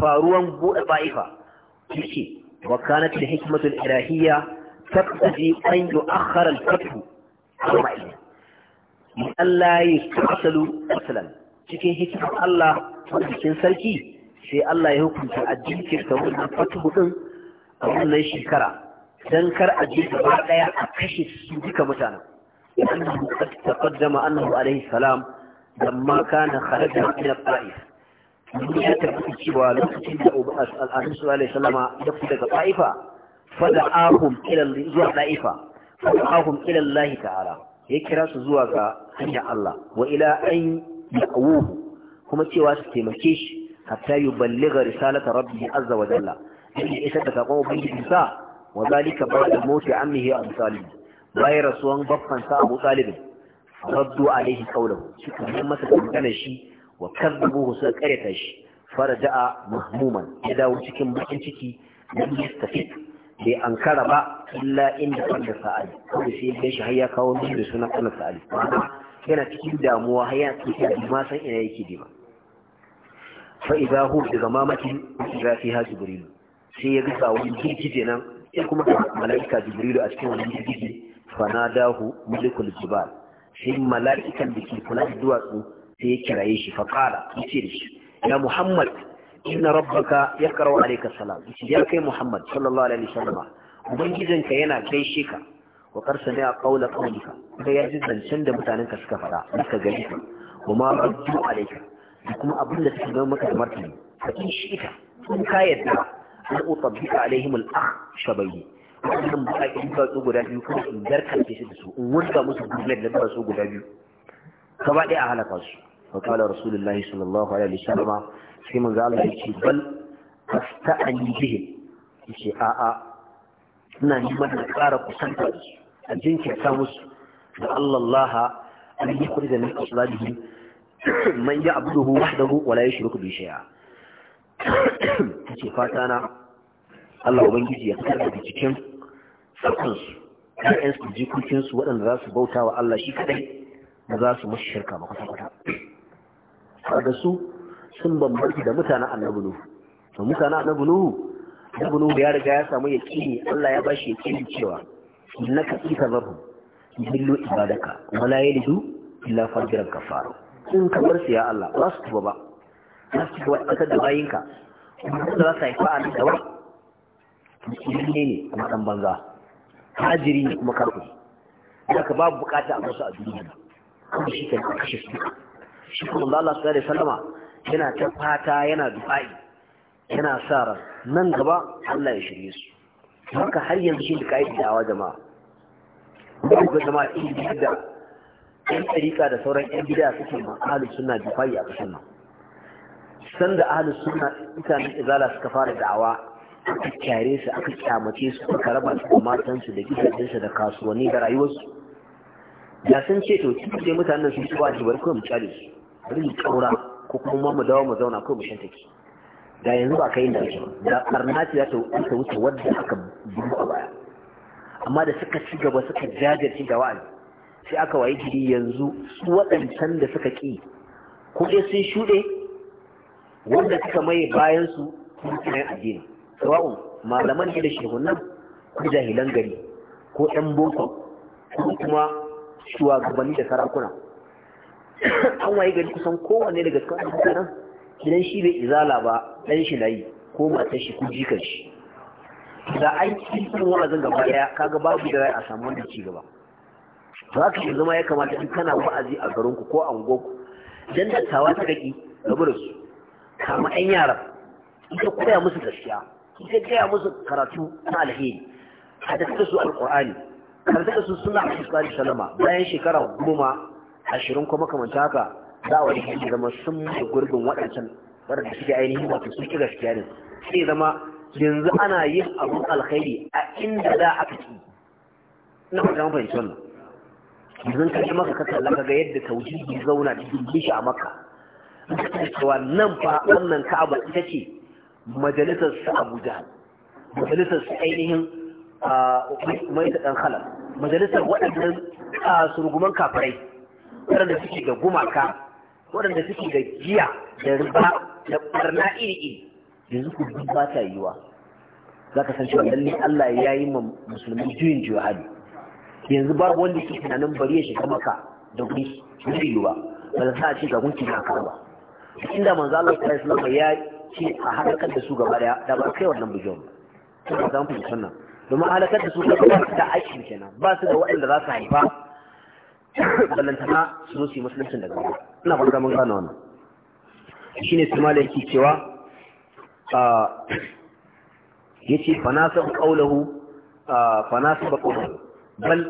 فاروا بوء طائفة وكانت الحكمة الإلهية تقتضي أن يؤخر الفتح أما إليه لأن لا يستحصل cikin hikimar Allah cikin sarki sai Allah ya hukunta a jinkirta wannan fatuhu din a wannan shekara don kar a ji gaba daya a kashe su duka mutanen annahu qad taqaddama annahu alaihi salam lamma kana kharaja min al-ta'if mun ya tabbata cewa lokacin da Abu Bakar su alayhi salama ya fi daga Ta'ifa fada'ahum ila zuwa Ta'ifa fada'ahum ila Allah ta'ala ya kira su zuwa ga hanyar Allah wa ila an da'awuhu kuma cewa su taimake shi hatta yuballigha risalata rabbihi azza wa jalla in isa da sakon ubangiji sa wa zalika ba'da mawti ammihi abu talib bayan rasuwan baffan sa abu talib raddu alaihi qawluhu suka yi masa dangana shi wa kadzabuhu suka karyata shi farja'a mahmuman ya dawo cikin bakin ciki da yastafid bai ankara ba illa inda kan da sa'ali kawai sai ya shi har ya kawo mishi da sunan kan sa'ali yana cikin damuwa har yana cikin ma ina yake dima fa hu daga mamakin idza fi ha sai ya ga wani girgije nan sai kuma malaika jibril a cikin wani girgije fa nadahu mulkul jibal sai malaikan da ke kula da duwatsu sai ya kiraye shi fa qala yace da shi ya muhammad inna rabbaka yaqra'u alayka salam ya kai muhammad sallallahu alaihi wasallam ubangijinka yana gaishe ka wa karsa ne a kaula kaunika kai ya ji zancen da mutanen ka suka faɗa suka gari ka kuma rabbu alaika da kuma abin da suka ga maka da martani fa in shi ita in ka yadda an utabbika alaihim al-akh shabayi wannan ba in ka su guda biyu kuma in garkace shi da su in wurga musu gurbe da ba su guda biyu Ka ba ɗaya a halaka su wa kala rasulullahi sallallahu alaihi wasallam sai manzo Allah ce bal asta'ani bihim yace a'a ina neman na ƙara kusanta da su a jinkirta musu da Allah an yi kuri da min asladihi man ya abuduhu wahdahu wa la yushriku bi shay'a ce fata na Allah ubangiji ya fitar da cikin tsakan su ƴaƴan su waɗanda za su bauta wa Allah shi kadai ba za su mushi shirka ba kwata kwata sun bambanci da mutanen nuhu nuhu ya riga ya samu yaqini Allah ya bashi yaqini cewa innaka isabahu billu ibadaka wala yalidu illa fajiran kafara in ka bar su ya Allah ba su tuba ba za su tuba wata da bayinka kuma za su haifa a nan gaba musulmi ne kuma dan banza hajiri ne kuma da ka babu bukata a musu a duniya kuma shi kan kashe su shi kuma Allah sallallahu alaihi wasallama yana ta fata yana du'a'i yana sa ran nan gaba Allah ya shirye su haka har yanzu shi da kayan da jama'a ba ku zama in da yan tsarika da sauran yan gida suke ma ahalus suna jifayi a ƙasar nan san da ahalus suna mutanen izala suka fara da'awa aka kyare su aka kyamace su aka raba su da matansu da gidajensu da kasuwanni da rayuwarsu da sun ce to kin je mutanen sun su ba shi bari kawai mu kyale su bari mu kaura ko kuma mu dawo mu zauna ko mu shantake da yanzu ba kai da ake da barna ce za ta wuce wadda aka bugu a baya amma da suka ci gaba suka jajirce da wa'azi sai aka wayi gidi yanzu su waɗancan da suka ki ko dai sun shuɗe wanda suka maye bayan su mutanen addini sawa'un malaman ne da shehunan ko jahilan gari ko ɗan boko ko kuma shugabanni da sarakuna an waye gari kusan kowanne daga cikin nan? idan shi bai izala ba ɗan shi layi ko matar shi ko jikan shi da an cikin wa'azin gaba ɗaya kaga babu da a samu wanda ci gaba za ka yi zama ya kamata in kana wa'azi a garinku ko a unguwarku dan dattawa ta gaki rabu da su kama ɗan yaran ita koya musu gaskiya ita gaya musu karatu na alheri a da su alƙur'ani karatu da su suna a salama bayan shekara goma ashirin kuma kamar haka za a wani shi zama sun da gurbin waɗancan waɗanda suke ainihin wato sun ƙi gaskiya ne sai zama yanzu ana yin abun alkhairi a inda za a fi na fata mafi wannan yanzu ka ji maka ka kalla ka ga yadda tauhidi zauna da dubbi shi a maka cewa nan fa wannan ka'aba ita ce majalisar su abuja majalisar su ainihin mai da ɗan halar majalisar waɗannan kasurguman kafirai waɗanda suke da gumaka waɗanda suke gajiya da riba da barna iri iri yanzu ku duk ba ta yiwa za ka san cewa lalle Allah ya yi ma musulmi juyin jihadi yanzu babu wanda ke tunanin bari ya shiga maka da guri yi yiwa ba za a ce ga gunki na ka ba inda manzo Allah sallallahu alaihi ya ce a halakar da su gaba daya da ba kai wannan bujon ba to za mu fi wannan domin halakar da su gaba da aiki kenan ba su da waɗanda za su haifa ballantana su zo su yi musuluncin daga gaba ina farka mun gano wannan shi ne tumala yake cewa ya ce fanasa ƙaunahu fanasa ba ƙaunahu bal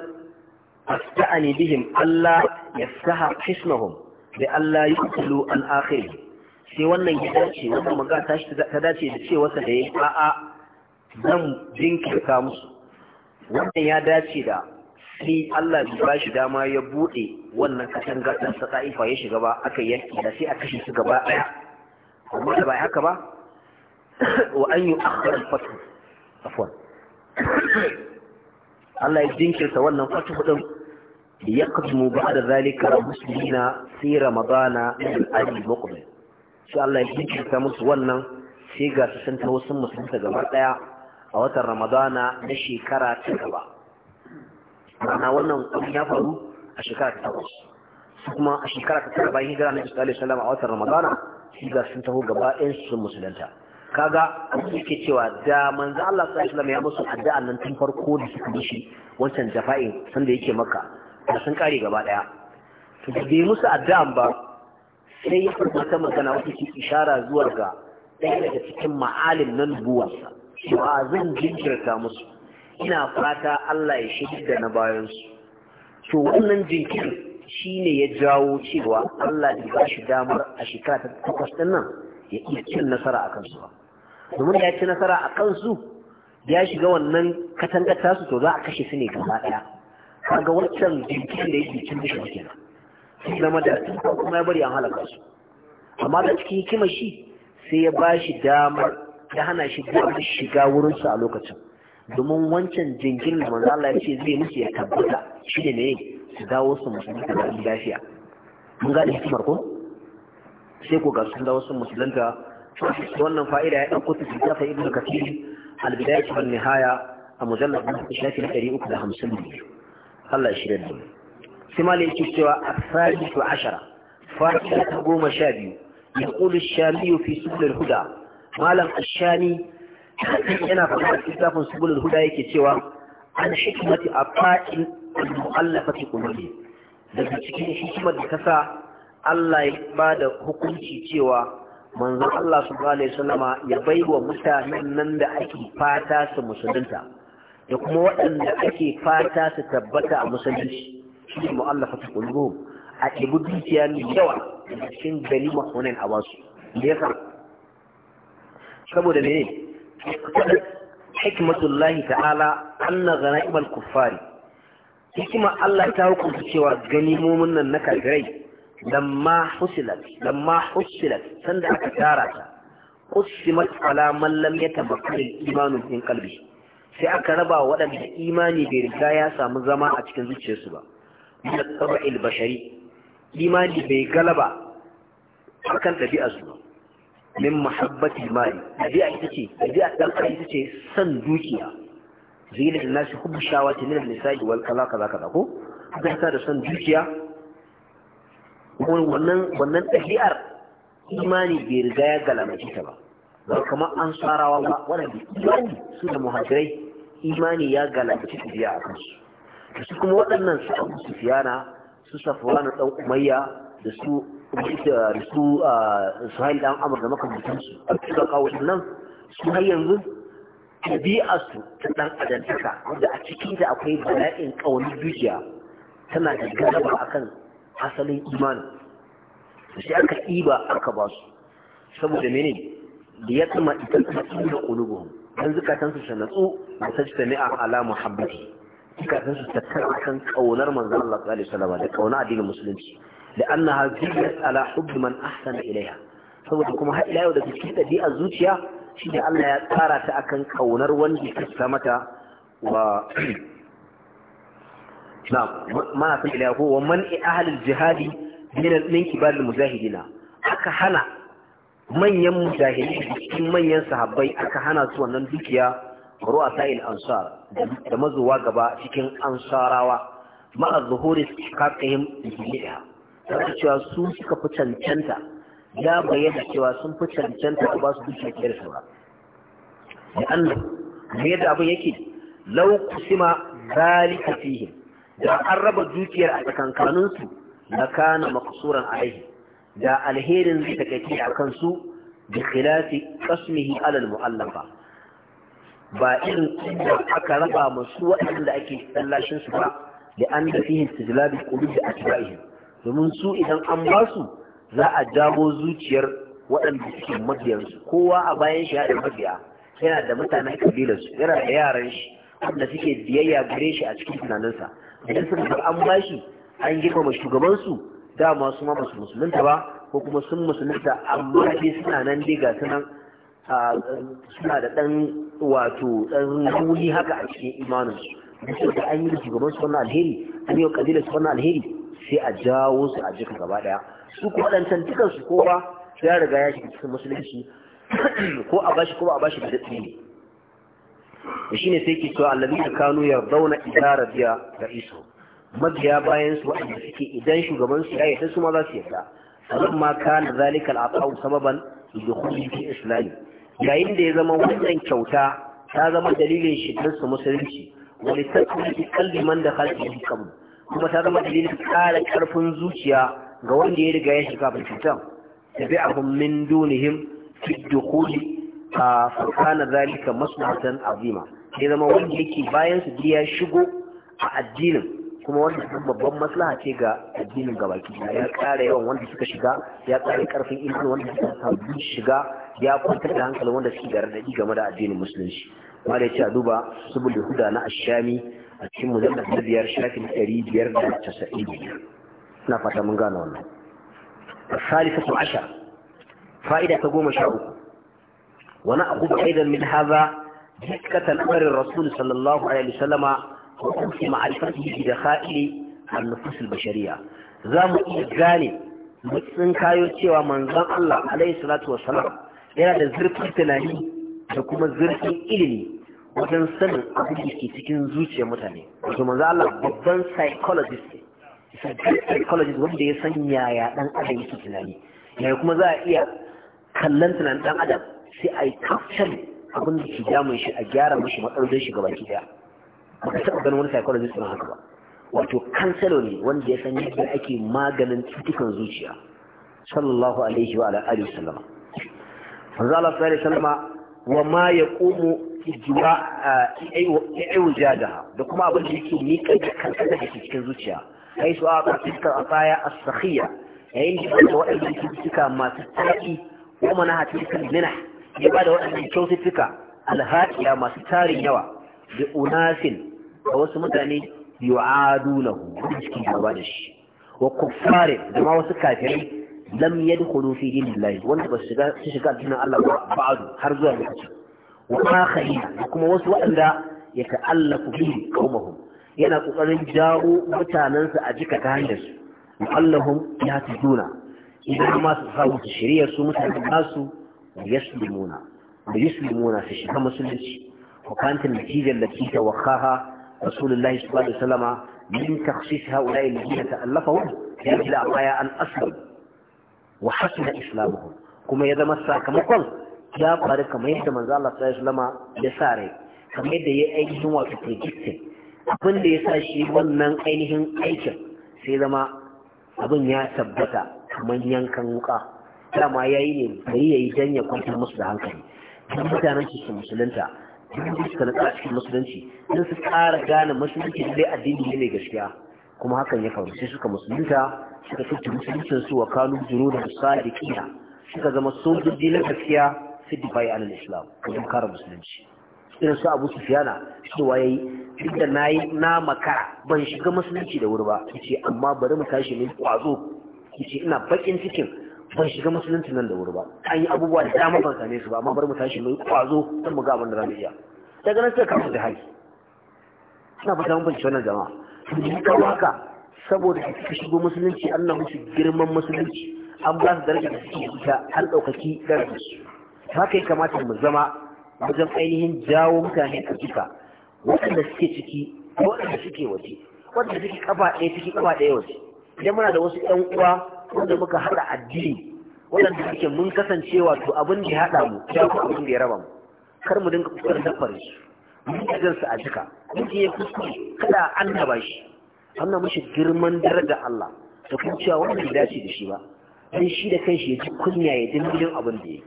ya saha ألا يفتح Allah بألا يقتلوا kulu آخره sai wannan ya dace wannan magana ta shi ta dace da ce wata da ya a'a zan jinkirka musu wannan ya dace da sai Allah bai ba shi dama ya buɗe wannan katangar da ta ta'ifa ya shiga ba aka yanki da sai a kashe su gaba ɗaya amma da ba haka ba wa an yi akhbar al afwan Allah ya jinkirta wannan fatu din yaqdimu da zalika muslimina fi ramadana min ajli muqbil shi Allah ya jinkirta musu wannan sai ga su sun taho sun musulunta gaba ɗaya a watan ramadana na shekara ta gaba ma'ana wannan abu ya faru a shekara ta takwas su kuma a shekara ta tara bayan hijira na isa alaihi salam a watan ramadana shi ga sun taho gaba ɗayan su musulunta kaga yake cewa da manzo Allah sallallahu alaihi ya musu addu'a nan tun farko da suka bishi shi wancan jafa'in sanda yake maka, da sun kare gaba daya to da musu addu'an ba sai ya fara magana wata ke ishara zuwa ga ɗaya daga cikin ma'alim nan buwarsa cewa zan jinkirta musu ina fata Allah ya shiri da na bayansu to wannan shi ne ya jawo cewa Allah ya ba shi damar a shekara ta takwas ɗin nan ya iya cin nasara a kansu ba domin ya ci nasara a kansu ya shiga wannan katanga tasu to za a kashe su ne gaba ɗaya kaga wancan jinkirin da yake cin dushe wakil. sai zama da kuma ya bari an halaka su amma da cikin hikimar shi sai ya ba shi damar ya hana shi damar shiga wurinsu a lokacin domin wancan jinkirin da manzo Allah ya ce zai musu ya tabbata shi ne ne su dawo su musulunta da lafiya mun gane hikimar ko sai ko ga sun dawo su musulunta wannan fa'ida ya ɗauko ta cikin fa ibnu kathir al-bidayah wal nihaya a mujallad na shafi na 352 Allah ya shirya da mu. sai malai yake cewa as-sadisu ashara fa'ida ta goma sha biyu يقول الشامي في سبل الهدى ما لم الشامي yana faɗa a cikin subulul huda yake cewa an hikmati a fa'in mu'allafati qulubi daga cikin hikimar da kasa Allah ya ba da hukunci cewa manzon Allah subhanahu alaihi wasallama ya baiwa mutanen nan da ake fata su musulunta da kuma waɗanda ake fata su tabbata a musulunci shi ne mu'allafati qulubuhum a ɗibi dukiya mai yawa cikin gani hunain a wasu saboda ne hikmatullahi ta'ala anna ghanaibal kuffari hikima Allah ta hukunta cewa ganimomin nan na kafirai lamma husilat lamma husilat sanda aka tara ta qusimat ala man lam yatabakkal al-iman qalbi sai aka raba waɗanda imani bai riga ya samu zama a cikin zuciyarsu ba min al-bashari imani bai galaba akan ɗabi'arsu ba min muhabbati mali dabi'a ita ce dabi'a dan kai ita ce san dukiya zina da nasu hubbu shawati min nisai wal kaza kaza kaza ko haka da san dukiya wannan wannan dabi'ar imani bai riga ya galamace ta ba ba kamar an tsarawa ba waɗanda imani su da muhajirai imani ya galabaci tafiya a kansu da su kuma waɗannan su abu sufiyana su safuwa na ɗan umayya da su kuma da su suhail dan amur da mutum su a cikin kawo nan su har yanzu su ta ɗan adantaka wanda a cikin da akwai bala'in ƙaunar dukiya tana da galaba kan asalin imani shi aka ɗiba aka ba su saboda mene da ya tsama ita tsama da ƙulubuhum dan zukatan su ta natsu da ta ci a ala muhabbati zukatan su ta kan ƙaunar manzon Allah sallallahu da ƙaunar addinin musulunci da annaha zuyat ala hubbi man ahsana ilaiha saboda kuma har ila yau da cikin dabi'a zuciya shi da Allah ya tsara ta akan kaunar wanda ya mata wa na'am mana san ila ko man ahlul jihadi min min kibar mujahidina aka hana manyan mujahidi cikin manyan sahabbai aka hana su wannan dukiya ru'a sa'il ansar da mazowa gaba cikin ansarawa ma'a zuhuri kafihim bihiha da cewa su suka fi cancanta ya bayyana cewa sun fi cancanta a ba su duk kyakkyar ba da annan yadda abin yake lau kusima zalika fihim da an raba dukiyar a tsakankanin na kana maqsuran alaihi da alherin zai takaice a kansu da khilafi kasmihi alal muallafa ba irin da aka raba masu waɗanda ake tsallashin su ba da an da fihin tijlabi qulubi atba'ihim domin su idan an ba su za a jago zuciyar waɗanda suke mabiyansu kowa a bayan shi da mabiya yana da mutanen kabilarsu yana da yaran shi wanda suke biyayya gare shi a cikin tunaninsa idan suka da an ba shi an girmama shugabansu dama su ma basu musulunta ba ko kuma sun musulunta amma dai suna nan dai ga sunan suna da ɗan wato ɗan rauni haka a cikin imaninsu da an yi da shugabansu wannan alheri an yi wa su wannan alheri sai a jawo su a jika gaba daya su ko wadancan dukan su ba ya riga ya shiga cikin musulunci ko a bashi ko ba a bashi da dadi ne shi ne sai ke cewa alladhi kanu yardawna idza ga mabiya bayan su wanda suke idan shugaban su ya yarda su ma za su yarda falamma kana zalika al aqaw sababan lidukhuli fi islam yayin da ya zama wannan kyauta ta zama dalilin shigar su musulunci wani tattalin kalliman da halki kamu kuma ta zama dalilin ƙara ƙarfin zuciya ga wanda ya riga ya shiga bai cutan tabi abun min dunihim fi dukhuli fa kana zalika maslahatan azima sai zama wanda yake bayan su ya shigo a addinin kuma wanda su babban maslaha ce ga addinin gabaki ya ƙara yawan wanda suka shiga ya ƙara ƙarfin imani wanda suka shiga ya kwantar da hankalin wanda suke da raɗaɗi game da addinin musulunci wanda ya ce a duba subul huda na ashami a cikin mujallar na biyar shafin ɗari biyar da casa'in na fata mun gane wannan salisatu ashar fa'ida ta goma sha uku wani abu da aidan min haza jikkata lamarin rasul sallallahu alaihi wasallama ko kuma ma'arifatihi da kha'ili mu iya gane إيجاني متسن cewa تيوى Allah الله عليه الصلاة yana da ده tunani da kuma زرق ilimi. wajen sanin abin da ke cikin zuciyar mutane wato manzo Allah babban psychologist ne psychologist wanda ya san yaya dan adam yake tunani yaya kuma za a iya kallon tunan dan adam sai a yi capture abin da ke damun shi a gyara mashi matsalolin shi ki daya ba ka taɓa ganin wani psychologist na haka ba wato kansalo ne wanda ya san yadda ake maganin cutukan zuciya sallallahu alaihi wa alihi wasallama manzo Allah sallallahu alaihi wa ma yaqumu ijwa iwjadaha da da kuma abin da yake miƙa da kanka da cikin zuciya kai su aka fiska a baya as-sakhiya yayin da wanda waɗanda ke cika masu tsaki ko manaha kan nina ya ba da waɗanda kyaututtuka alhaƙiya masu tarin yawa da unasin da wasu mutane yi wa yu'adu lahu wanda cikin yawa da shi wa kuffare da ma wasu kafirai lam yadkhulu fi dinillahi wanda ba su shiga su shiga addinin Allah ba ba'du har zuwa lokacin وآخرين كما وسوء أن لا يتألق به قومهم yana kokarin jawo mutanensa a jika ta hanyar su mu'allahum ya tujuna idan ma su samu su shirya su mutane ba su da yaslimuna da yaslimuna su shiga musulunci wa kanta natijar da ta wakaha rasulullahi sallallahu alaihi wasallama min takhsis haula'i alladhina ta'allafahum ya ila aya an aslam wa na islamuhum kuma ya zama sakamakon ya faru kamar yadda manzo Allah sallallahu alaihi ya sa kamar yadda ya ainihin wato predicting abin da ya sa shi wannan ainihin aikin sai zama abin ya tabbata kamar yankan wuka dama ya ne bai yayi dan ya kwantar musu da hankali dan mutanen su musulunta dan kana tsara cikin musulunci dan su tsara gane musulunci dai addini ne gaskiya kuma hakan ya faru sai suka musulunta suka fito musulunci su wa kanu juru da musadiqina suka zama sojoji na gaskiya fi difai an islam wajen kara musulunci irin su abu sufiyana cewa ya yi inda na yi na makara ban shiga musulunci da wuri ba ce amma bari mu tashi min kwazo ce ina bakin cikin ban shiga musulunci nan da wuri ba an yi abubuwa da dama ban same su ba amma bari mu tashi mu kwazo don mu ga abin da za mu iya daga nan sai kafa da hali suna fata mun fahimci wannan jama'a to kawo haka saboda suka shigo musulunci an na musu girman musulunci an ba su daraja da suke ita an ɗaukaki ɗan su haka ya kamata mu zama wajen ainihin jawo mutane a jika waɗanda suke ciki waɗanda suke waje waɗanda suke kafa ɗaya ciki kafa ɗaya waje idan muna da wasu ƴan uwa wanda muka haɗa addini waɗanda suke mun kasance wato abin da ya haɗa mu ya ku abin da ya raba mu kar mu dinga kuskuren dafare su mu ga jin su a jika mun ya kuskure kada an taba shi nuna mishi girman darajar Allah da kuma cewa wannan bai dace da shi ba dan shi da kanshi ya ji kunya ya ji yin abin da ya yi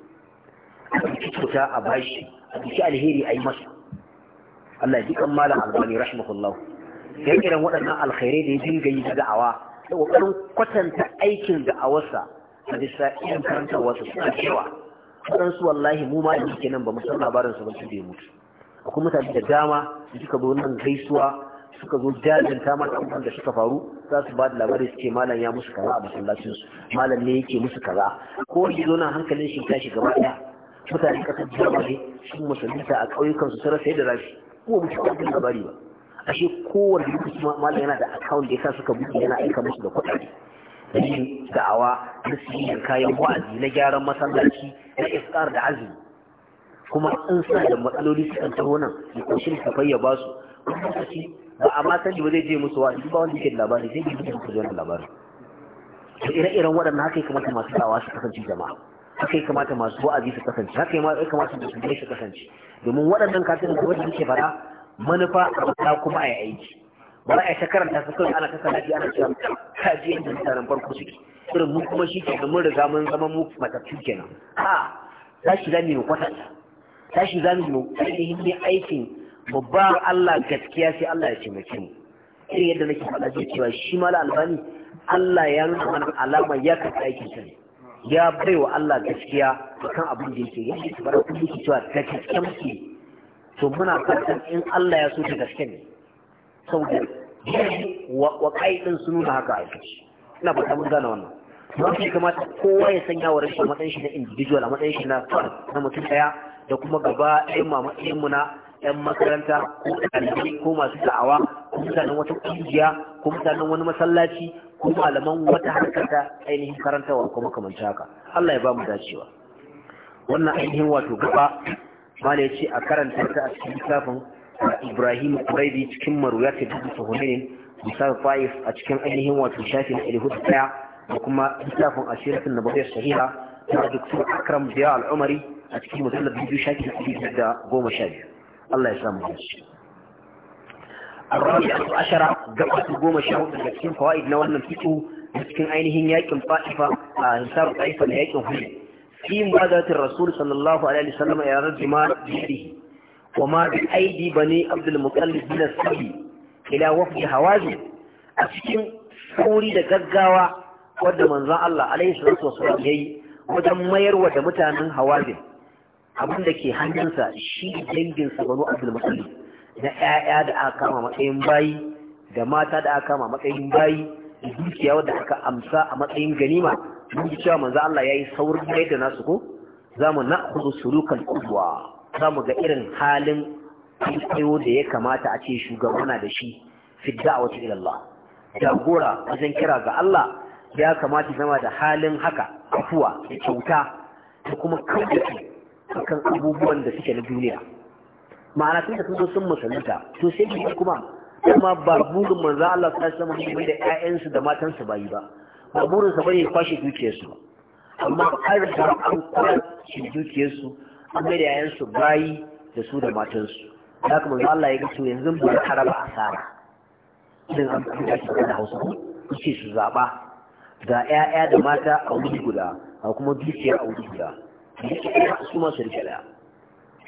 a ɗauki cuta a bashi a ɗauki alheri a yi masa Allah ji kan malam albani rahimahullahu ya kiran waɗannan alkhairai da ya dinga yi da da'awa da ƙoƙarin kwatanta aikin da'awarsa a bisa irin karanta wasu suna cewa su wallahi mu ma da muke nan ba mu san labarin su ba su da mutu akwai mutane da dama da suka zo nan gaisuwa suka zo jajanta mata abubuwan da suka faru za su ba da labari suke malam ya musu kaza a masallacin su malam ne yake musu kaza ko wani zo nan hankalin shi tashi gaba ɗaya mutane kasar jamani sun musulunta a ƙauyukan su rasa yadda za su kuma mu taɓa jin labari ba ashe kowane lokaci malam yana da account da ya sa suka buɗe yana aika musu da kuɗaɗe da yin da'awa na siyan kayan wa'azi na gyaran masallaci na iftar da azumi kuma in suna da matsaloli sukan taho nan ya ƙunshi littafai ya ba su wani lokaci ba a matan da ba zai je musu wa'azi ba wanda yake da labari zai bi musu da labari. to ire-iren waɗannan haka ya kamata masu dawa su kasance jama'a haka ya kamata masu wa'azi su kasance haka ya kamata da su su kasance domin waɗannan kafin da wajen suke fara manufa a kuma a yi aiki ba a yi karanta ta sukar ana kasa sanadi ana cewa kaji ji yadda mutanen farko suke irin mun kuma shi ke mun riga mun zama mu matattu kenan a shi za mu yi ta shi za mu yi ainihin ne aikin babbar Allah gaskiya sai Allah ya taimake mu irin yadda nake faɗa cewa shi mala albani Allah ya nuna mana alama ya kafa aikin sa ne ya bai wa Allah gaskiya kan abin da yake yake ki bar kullu ki cewa da gaskiya muke to muna fatan in Allah ya so ta gaske ne saboda wa kaidin su nuna haka aikaci ina ba mun gane wannan don shi kamata kowa ya sanya wa rashin matsayin shi na individual a matsayin shi na na mutum daya da kuma gaba ɗayan mamakin mu na ɗan makaranta ko ɗalibai ko masu da'awa ko mutanen wata ƙungiya ko mutanen wani masallaci Kuma malaman wata harkar ta ainihin karantawa ko makamanta haka Allah ya ba mu dacewa wannan ainihin wato gaba mala ya ce a karanta ta a cikin littafin Ibrahim kuraibi cikin ta Ibn Suhunain misal Taif a cikin ainihin wato shafin Al-Hud ɗaya da kuma littafin Ashiratun Nabawiyyah Sahiha da Dr. Akram Ziya Al-Umari a cikin da biyu sha biyu, Allah ya samu dace الرابعة عشرة جبهة قوم الشهود التي فوائد نوانا فيكو لكن أينهن يأكل طائفة انسار طائفة ليأكل هنا في مبادرة الرسول صلى الله عليه وسلم إعادة جمال بيده وما بأيدي بني عبد المطلب من السبي إلى وفد هوازن أتكين sauri da gaggawa wadda manzon Allah alaihi salatu wasallam yayi wajen mayarwa da mutanen hawazin abin da ke hannunsa shi danginsa banu abdul muttalib na ƴaƴa da aka kama matsayin bayi da mata da aka kama matsayin bayi da dukiya wadda aka amsa a matsayin ganima mun ji cewa manzo Allah yayi saurin mai da nasu ko zamu na'khudhu sulukan qudwa zamu ga irin halin kwaikwayo da ya kamata a ce shugabana da shi fi da'wati ila Allah jagora wajen kira ga Allah ya kamata zama da halin haka afuwa da kyauta da kuma kauce akan abubuwan da suke na duniya ma'ana tun da sun zo sun musulunta to sai ki kuma kuma ba burin manzo Allah ta sama mai da ƴaƴansu da matansu ba yi ba ba burin sa bane kwashe dukiyarsu amma an riga an kwashe dukiyarsu an mai da ƴaƴansu bayi da su da matansu da kuma manzo Allah ya ga to yanzu ba za a asara idan an kuma shi da Hausa ku ce su zaba ga ƴaƴa da mata a wuri guda a kuma dukiya a wuri guda su ma su rike daya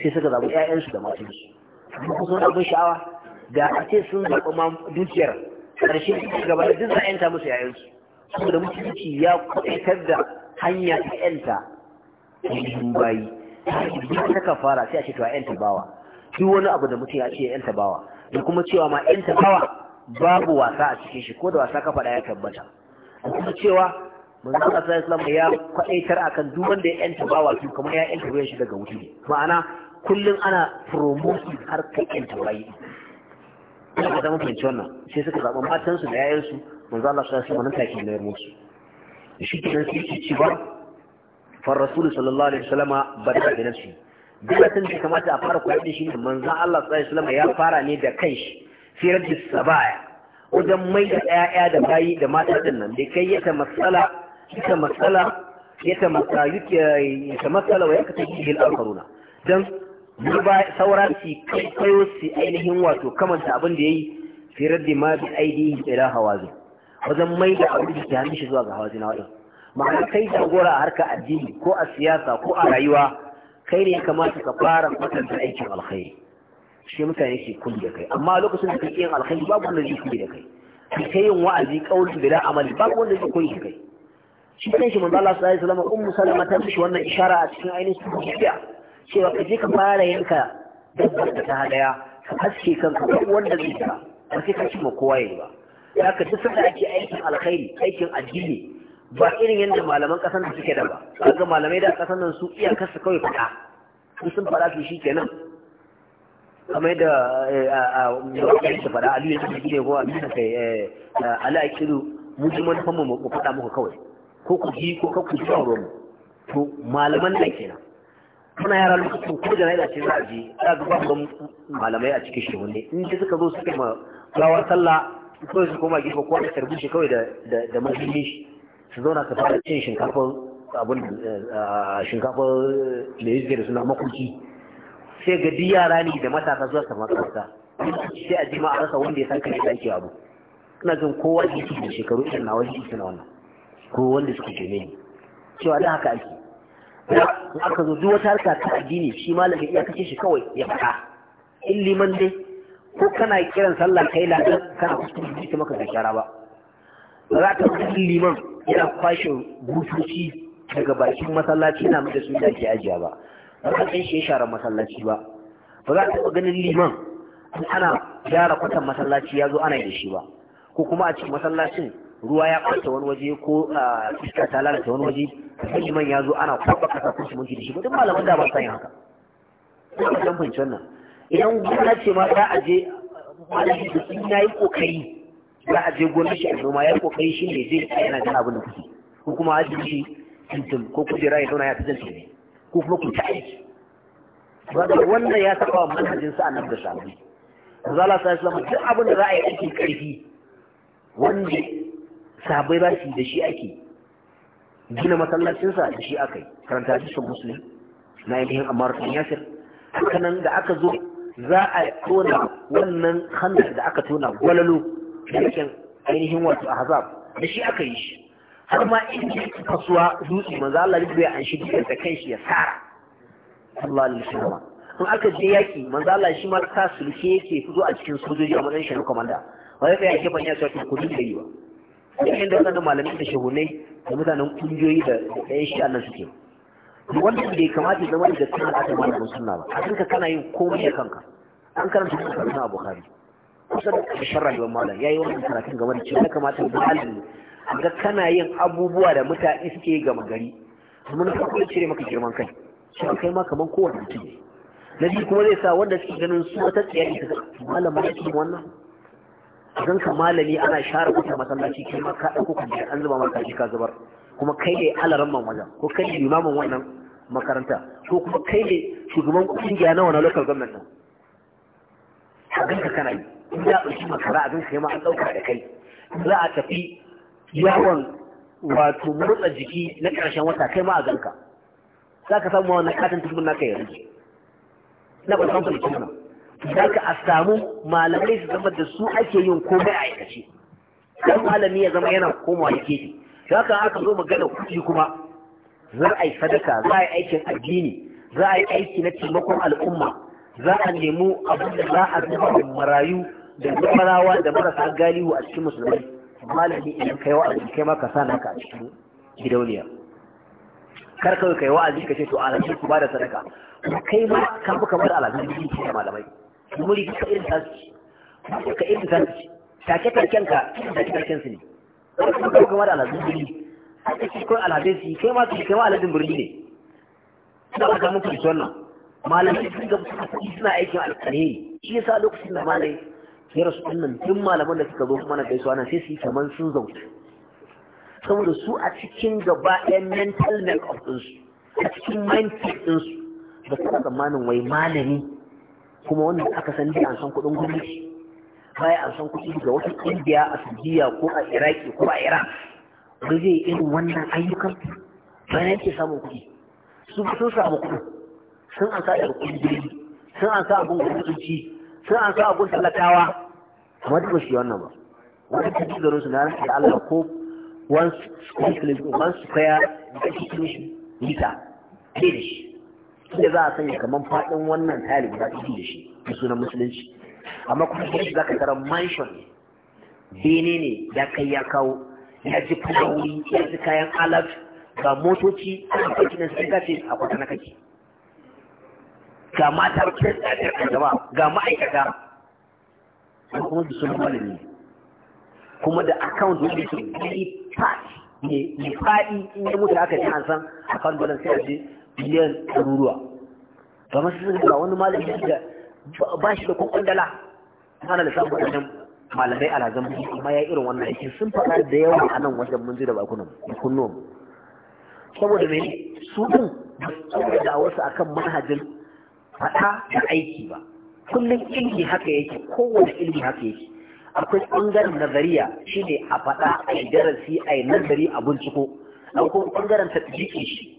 sai suka zaɓi ƴaƴansu da matansu kuma sun abin sha'awa ga a ce sun zaɓi ma dukiyar ƙarshe su gaba da duk za'yanta musu ƴaƴansu saboda mutunci ya kwaɗaitar da hanya ta ƴanta yin bayi duk ta kafara sai a ce to a ƴanta bawa duk wani abu da mutum ya ce ƴanta bawa da kuma cewa ma ƴanta bawa babu wasa a cikin shi ko da wasa kafa ɗaya tabbata a kuma cewa manzo Allah sallallahu alaihi wasallam ya kwaɗaitar akan duk wanda ya ƴanta bawa to kamar ya ƴanta ruwan shi daga wuta ma'ana kullum ana promoting har kakin taurayi ina ka zama fahimci wannan sai suka zaɓa matansu da yayansu manzo Allah sallallahu alaihi wasallam na mayar su. shi kenan sai ki ci ba fa rasulullahi sallallahu alaihi wasallam ba da nafsi sun da kamata a fara koyar da shi manzo Allah sallallahu alaihi wasallam ya fara ne da kanshi fi rabbi sabaya wajen mai da ɗaya da bayi da mata din nan da kai ya ta matsala ita matsala ya ta matsala ya ta matsala wa ya ka ta yi al-akharuna dan duba sauran su kai kayo su ainihin wato kamanta abin da ya yi firar da ma bi aidihi hawa hawazin wajen mai da abin da ke hannun shi zuwa ga hawazin na wadin ma'ana kai jagora a harkar addini ko a siyasa ko a rayuwa kai ne ya kamata ka fara kwatanta aikin alkhairi shi mutane ke kun da kai amma lokacin da kake yin alkhairi babu wanda zai kulli da kai kai ta yin wa'azi da bila amali babu wanda zai kulli da kai shi kanshi manzo Allah sallallahu alaihi wasallam ummu salama ta mishi wannan ishara a cikin ainihin sunna cewa ka je ka fara yanka dabbar da ta hadaya ka haske kanka duk wanda zai ta, ba sai ka ci ma kowa yayi ba ya ka duk sanda ake aikin alkhairi aikin addini ba irin yadda malaman kasan da suke da ba kaga malamai da kasan nan su iyakar su kawai fada su sun fara su shikenan kamar da eh, a su fada aliyu ya gine ko a ya kai eh, ala akiru mu ji manufan mu mu fada muku kawai ko ku ji ko ku ji mu to malaman nan kenan muna yara lokacin ko jana'iza ce za a je ya ga babu malamai a cikin shehun ne in suka zo suka ma rawar sallah ko su koma gefe ko da tarbushe kawai da da mahimmi shi su zauna su fara cin shinkafar abin eh, shinkafar da yake da suna makulki sai ga duk yara ne da matasa zuwa su makaranta sai a jima a rasa wanda ya san kai da ake abu ina jin kowa da yake da shekaru irin na wani na wannan ko wanda suka jeme cewa da haka ake aka zo duk wata harka ta addini shi malami iya kace shi kawai ya faɗa in liman dai ko kana kiran sallah kai ladan kana kuskure ji maka da ba ba za ka in liman yana kwashe butuci daga bakin masallaci na mada da su da ke ajiya ba ba za ka shi share masallaci ba ba za ka ganin liman ana gyara kwatan masallaci ya zo ana da shi ba ko kuma a cikin masallacin ruwa ya ɓata wani waje ko iska ta lalata wani waje sai man ya zo ana kwaba kasa kusa mun gidi shi ba duk malaman da ba sa yin haka ba san fahimci wannan idan gona ce ma za a je malami da ya yi kokari za a je gona shi a noma yi kokari shi ne zai tsaya yana gana abin da kuke ko kuma a jin shi tuntum ko kujera ya zauna ya tsan tunani ko kuma ku ta aiki Wanda wanda ya saba wa manhajin sa annabi da sahabi Allah sallallahu alaihi wasallam duk abin da za a yi aikin ƙarfi wanda Sahabai ba su da shi ake gina masallacinsa da shi aka yi karanta hadisin muslim na ainihin ammar bin yasir haka nan da aka zo za a tona wannan hannun da aka tona gwalalo da yakin ainihin wato ahzab da shi aka yi shi har ma in ji kasuwa dutse manzo Allah ya bai an shi da shi ya sara Allah shi wasallam in aka je yaki manzo Allah shi ma ta sulke yake fito a cikin sojoji a matsayin shi na komanda wai ya ke fanya sai ku dinga yi ba yayin da sanin malamai da shahunai da mutanen kungiyoyi da ɗayan shi annan suke wanda bai kamata zama da kana aka malamin sunna ba a kanka kana yin komai da kanka an karanta shi karatu abokan bukhari kusan da sharra da malam yayi wannan karatun game da cewa ya kamata malami ga kana yin abubuwa da mutane suke yi gama gari domin ka cire maka girman kai shi kai ma kaman kowane mutum ne na biyu kuma zai sa wanda suke ganin su wata tsiyari ta malam ma ya wannan idan ka malami ana share kuka masallaci kai ma ka ɗauko kan an zuba maka shi ka zubar kuma kai ne alaran man wajen ko kai ne limamin wannan makaranta ko kuma kai ne shugaban kungiya na wani local government nan a ganka kana yi in za a makara a ganka ma an ɗauka da kai za a tafi yawon wato motsa jiki na ƙarshen wata kai ma a ganka za ka samu wannan katin tukumin naka yanzu na ba san fulkin nan za ka a samu malamai su zama da su ake yin komai a aikace kan malami ya zama yana komawa yake ne za ka aka zo magana kuɗi kuma za a yi sadaka za a yi aikin addini za a yi aiki na taimakon al'umma za a nemo abin da za a da marayu da zamarawa da marasa galihu a cikin musulmai malami idan kai wa'azi kai ma ka sa naka a cikin gidauniya kar kawai kai wa'azi ka ce to alaji ku ba da sadaka kai ma ka fi kamar alaji da malamai muri ka irin tasu ce ka irin tasu ce take taken ka irin take taken su ne wani kuma kuma da alhazin birni a cikin kawai alhazin su kai ma su kai ma aladin birni ne Ina ba ta muku da nan. malamai sun ga suna aikin ne. shi yasa lokacin da malai ya rasu ɗinnan duk malaman da suka zo mana gaisuwa na sai su yi kamar sun zauce saboda su a cikin gaba ɗaya mental make-up ɗinsu a cikin mindset ɗinsu ba su tsammanin wai malami kuma wanda aka san bai an san kuɗin gwamnati baya an san kuɗi daga wata ƙungiya a Saudiya ko a Iraki ko a Iran ba zai irin wannan ayyukan bayan yake samun kuɗi su sun samu kuɗi sun an sa daga ƙungiyoyi sun an sa abin gwamnati sun an sa abin talakawa amma duk ba wannan ba wani ta ji rusu na rasu da Allah ko wansu square one da ake kilo shi mita da shi da za a sanya kamar faɗin wannan talib guda ɗari da shi da sunan musulunci amma kuma kuma za ka tara mansion bene ne ya kai ya kawo ya ji fulawuri ya ji kayan alat ga motoci a kwanci na sun ce a kwata na kake ga mata ga ma'aikata kuma da sunan malami kuma da account wanda ke ne ne faɗi in ya mutu aka ji an san account dole sai a je biliyan ɗaruruwa ba masu sun wani malami da ba shi da dala. ana da samun wajen malamai a lazan buɗi amma ya irin wannan aikin sun faɗa da yawa a nan wajen mun da bakunan kunnuwan saboda mai su ɗin ba da wasu akan manhajin faɗa da aiki ba kullum ilmi haka yake kowane ilmi haka yake akwai ɓangaren nazariya shine a faɗa a yi darasi a yi nazari a binciko akwai ɓangaren tattalin shi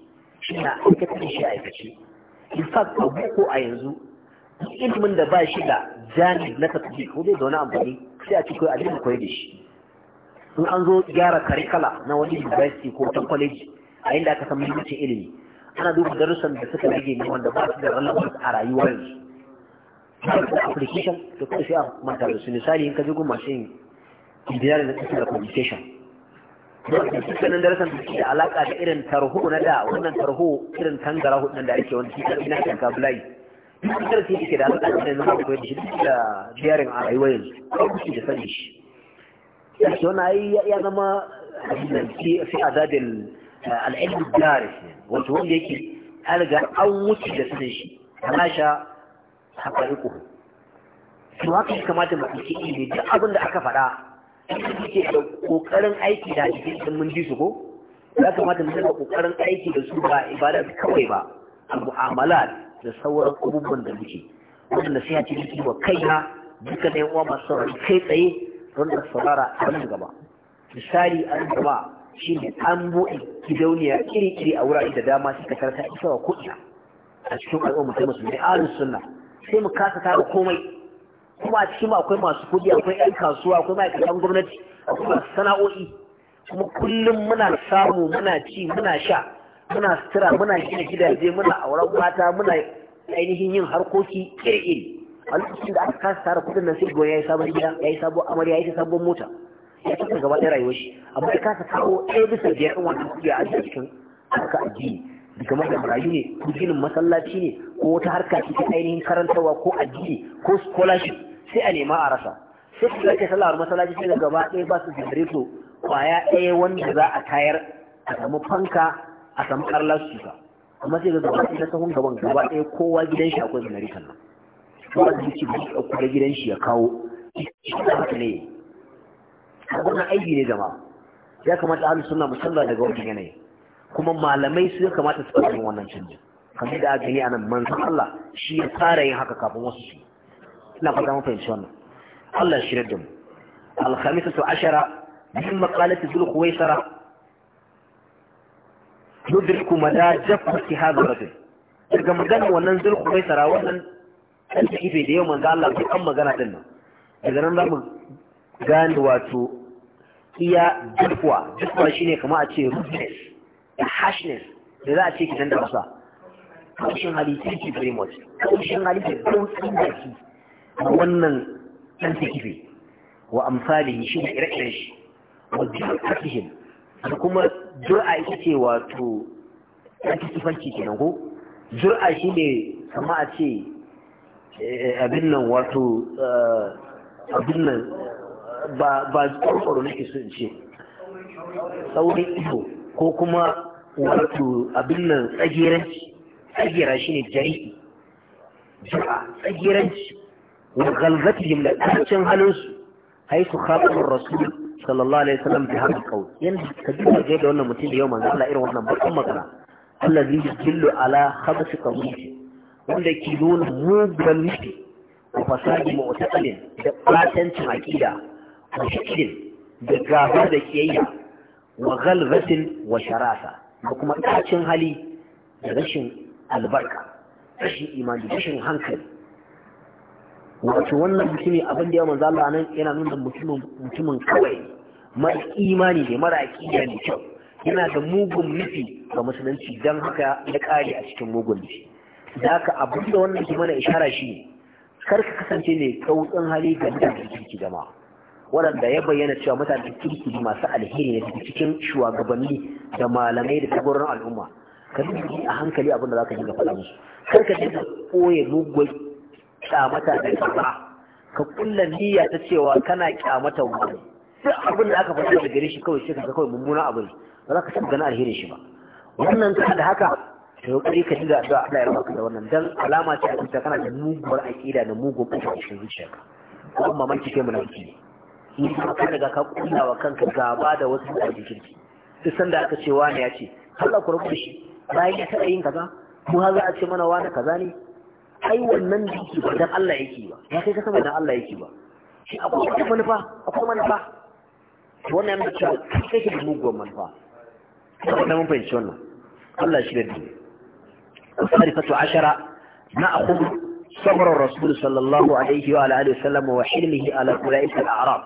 ina aikata shi aikaci in fact a boko a yanzu ilimin da ba shi da jani na tafi ko zai da wani amfani sai a cikin abin koyi da shi in an zo gyara karikala na wani university ko ta college a inda aka san muhimmancin ilimi ana duba darussan da suka rage ne wanda ba su da relevance a rayuwar yanzu application to kuma shi a manta da su misali in ka je gumashin masu na engineering na communication dukkanin darasan da ke alaka da irin tarho na da wannan tarho irin tangara hudun da ake wani cikin ina kan kabulai duk da darasi da ke da alaka da yanzu akwai da shi duk da biyarin a rayuwar yanzu kawai da sani shi da shi wani ayi ya zama a fi azabin eh, al'ilmi jari. wato wanda yake alga an wuce da sanin shi ana sha haƙariƙo to haka ya kamata mu ke ne, duk abin da aka faɗa suke da kokarin aiki da jikin sun mun ji su ko ya kamata mu da kokarin aiki da su ba ibada kawai ba al-mu'amalat da sauran abubuwan da muke wannan nasiha ce miki wa kaina duka da yawa masu saurari kai tsaye don da saurara a nan gaba misali an gaba shi ne an buɗe gidauniya iri-iri a wurare da dama suka karta isa wa ko'ina a cikin al'ummar musulmi ahlus sunna sai mu kasa tara komai kuma a cikin akwai masu kudi akwai 'yan kasuwa akwai ma'aikatan gwamnati akwai masu sana'o'i kuma kullum muna samu muna ci muna sha muna sutura muna gina gidaje muna auren mata muna ainihin yin harkoki iri-iri a lokacin da aka kasa tara kudin nan sai goyon ya yi sabon gida ya yi sabon amarya ya yi sabon mota ya kasa gaba ɗaya rayuwar shi amma ya kasa kawo ɗaya bisa biyar ɗan wani kudi a cikin harka addini kamar da marayu ne ko ginin masallaci ne ko wata harka ce ta ainihin karantarwa ko addini ko scholarship sai a nema a rasa sai su zake sallar masallaci sai gaba ɗaya ba su janareto kwaya ɗaya wanda za a tayar a samu fanka a samu karlar suka amma sai ga gaba ɗaya sahun gaban gaba ɗaya kowa gidan shi akwai janareton nan kowa da yake da ɗauko da gidan shi ya kawo shi ne wannan aiki ne jama'a ya kamata ahlus suna musalla daga wajen yanayi kuma malamai su ya kamata su ɗauki wannan canjin, kamar da gani a nan manzon Allah shi ya fara yin haka kafin wasu su ina fata mun fahimci wannan Allah shi da mu al-khamisatu ashara min maqalati dhul khuwaisara yudriku mada jafati hadha rajul daga magana wannan dhul sara, wannan dan ife da yau manzo Allah bai kan magana din nan daga nan mu gane wato iya jafwa jafwa shine kama a ce rootedness da harshness da za a ce kitan da wasa kaushin halittar ki very much kaushin halittar kaushin da ki a wannan ɗan takife wa amfani shi da ire-iren shi wa jira'atihim da kuma jura ita ce wato ɗan takifanci kenan ko jura shi ne kama a ce eh, abin nan wato eh, abin nan ba tsoro nake so in ce saurin ido ko kuma wato abin nan tsagiranci tsagira shi ne jari'i jura tsagiranci wa galbatihim da ƙarcin halinsu haisu khabar rasul sallallahu alaihi wasallam bi hadal qawl yanda ka ji da wannan mutum da yau manzo Allah irin wannan bakan magana allazi yajillu ala khabasi qawli wanda ke nuna mugun nufi wa fasadi mu'taqalin da batancin aqida wa shikin da gaba da kiyayya wa galbatin wa da kuma ɗacin hali da rashin albarka rashin rashin hankali wato wannan mutumin abin da ya manzo Allah nan yana nuna mutumin mutumin kawai mara imani ne mara aqida ne kyau yana da mugun nufi ga musulunci dan haka ya kare a cikin mugun nufi da haka abin da wannan ke mana ishara shi ne kar ka kasance mai kautsin hali ga mutanen kirki jama'a waɗanda ya bayyana cewa mutanen kirki masu alheri ne daga cikin shugabanni da malamai da tagoron al'umma ka a hankali abin da za ka yi ga faɗa musu kar ka dinga koye mugun kyamata da kaza ka kulla niyya ta cewa kana kyamata wani duk abin da aka faɗa daga gare shi kawai sai ka kawai mummunan abu ne ba za ka taɓa ganin alherin shi ba wannan ka da haka ka kokari ka dinga addu'a Allah ya baka da wannan dan alama ce a cikin kana da muguwar aqida da mugun kuka a cikin zuciyarka ko mamaki kai munafiki ne in ka daga ka kulla wa kanka gaba da wasu da kirki duk da aka ce wani ya ce Allah ku rubuta shi bayan ya taɓa yin kaza mu har za a ce mana wani kaza ne ai wannan da ba dan Allah yake ba ya kai ka dan Allah yake ba shi akwai wata manufa akwai manufa wannan yana cewa kai kake da muguwar manufa saboda mun fahimci wannan Allah shi da dini الثالثة عشرة نأخذ صبر wa صلى الله عليه وعلى آله وسلم وحلمه على أولئك الأعراب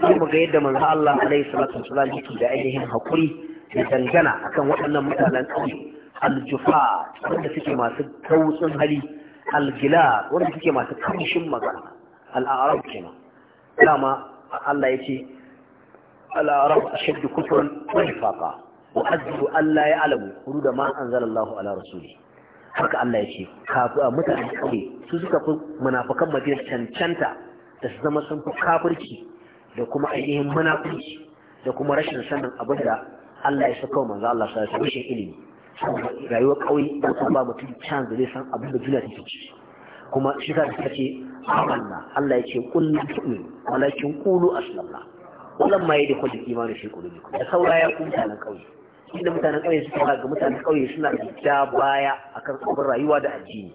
ثم قيد من الله عليه الصلاة والسلام يكي بأيهم هقري يتنجنى أكن وحنا Al-Jufa, wanda suke masu kautsin hali algila wanda suke masu kamshin magana al'arab kenan dama Allah ya ce al'arab ashaddu kufran wa nifaqa wa azbu Allah ya alamu hudu da ma an anzalallahu ala rasuli haka Allah ya ce kafu mutane kauye su suka fi munafukan madina cancanta da su zama sun fi kafirci da kuma ainihin munafurci da kuma rashin sanin abin da Allah ya saka manzo Allah sai su ilimi rayuwar ƙauye da kuma ba mutum can zai san abin da duniya take ci kuma shi ta ta ce amanna Allah ya ce kullu tu'min walakin qulu aslamna Wannan ma da kwaje imani shi kullu da saura ya kuma mutanen ƙauye inda mutanen ƙauye suka ga mutanen ƙauye suna da baya akan abin rayuwa da addini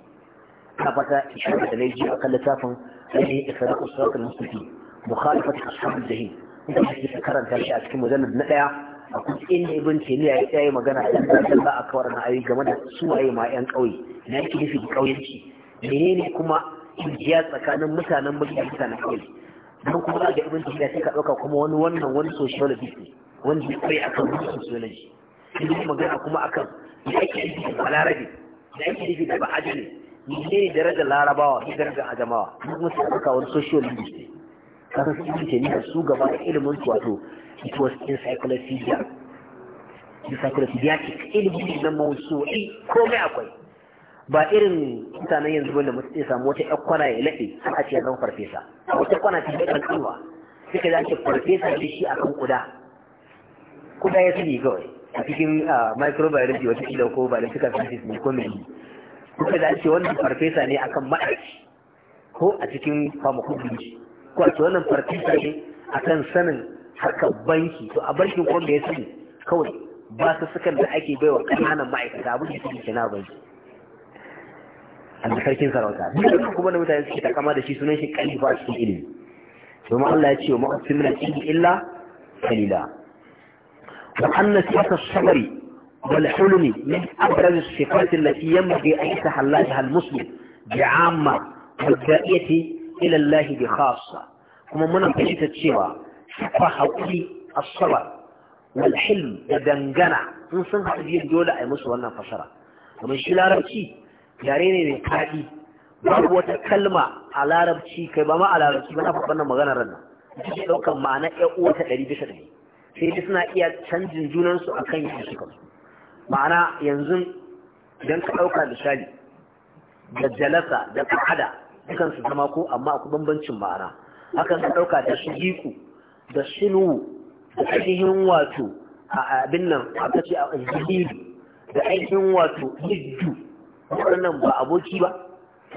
Kafata fata shi da laifi akan littafin ainihin ikhraqus siratal mustaqim mukhalafat ashabul jahim inda ake karanta shi a cikin mujallad na daya a kuɗin da ibn taymiya ya tsaye magana a dan ba a kawar na ayi game da suwaye ma yan ƙauye na yake nufi da ƙauyenci menene kuma injiya tsakanin mutanen mulki mutanen ƙauye don kuma za ga ibn taymiya sai ka ɗauka kuma wani wannan wani sociologist ne wanda ya tsaye akan wani sociology sai magana kuma akan da ake nufi da balarabe da ake nufi da ne? menene darajar larabawa da darajar adamawa duk musu ɗauka wani sociologist ne kasan su ibn taymiya su gaba da ilimin wato it was encyclopedia encyclopediatic ilimi na mausu'i komai akwai ba irin mutanen yanzu wanda mutum zai samu wata ƴar kwana ya laɗe har a ce zama farfesa wata kwana ta ɗan ɗuwa suka za ce farfesa da shi akan kuda kuda ya sani kawai a cikin microbiology wata kila ko suka sciences ne ko mai suka za ce wannan farfesa ne akan ma'aikaci ko a cikin pharmacology ko a ce wannan farfesa ne akan sanin haka banki to a bankin ko da ya sani kawai ba su sukan da ake baiwa ƙananan ma'aikata abin da suke kina banki Allah sarkin sarauta duk kuma da mutane suke takama da shi sunan shi kalifa a cikin ilimi domin Allah ya ce wa ma'asin min al-ilmi illa qalila wa anna siyasa sabri wal hulmi min abraz as-sifat allati yanbaghi an yatahallaha al-muslim bi'amma wa da'iyati ila Allah bi khassa kuma muna fahimta cewa fa haƙuri asabar wal da dangana sun sun haɗu biyan dole a yi musu wannan fasara domin shi larabci yare ne mai kaɗi babu wata kalma a larabci kai ba ma a larabci ba na faɗa nan ran nan ita ce ɗaukar ma'ana ƴan uwa ɗari bisa ɗari sai dai suna iya canjin junansu a kan yin suka ma'ana yanzu idan ka ɗauka misali da jalasa da ƙa'ada dukansu zama ko amma akwai bambancin ma'ana hakan ka ɗauka da shigiku da shilu da ainihin wato a abin nan aka ce a zahiri da ainihin wato hijju waɗannan ba aboki ba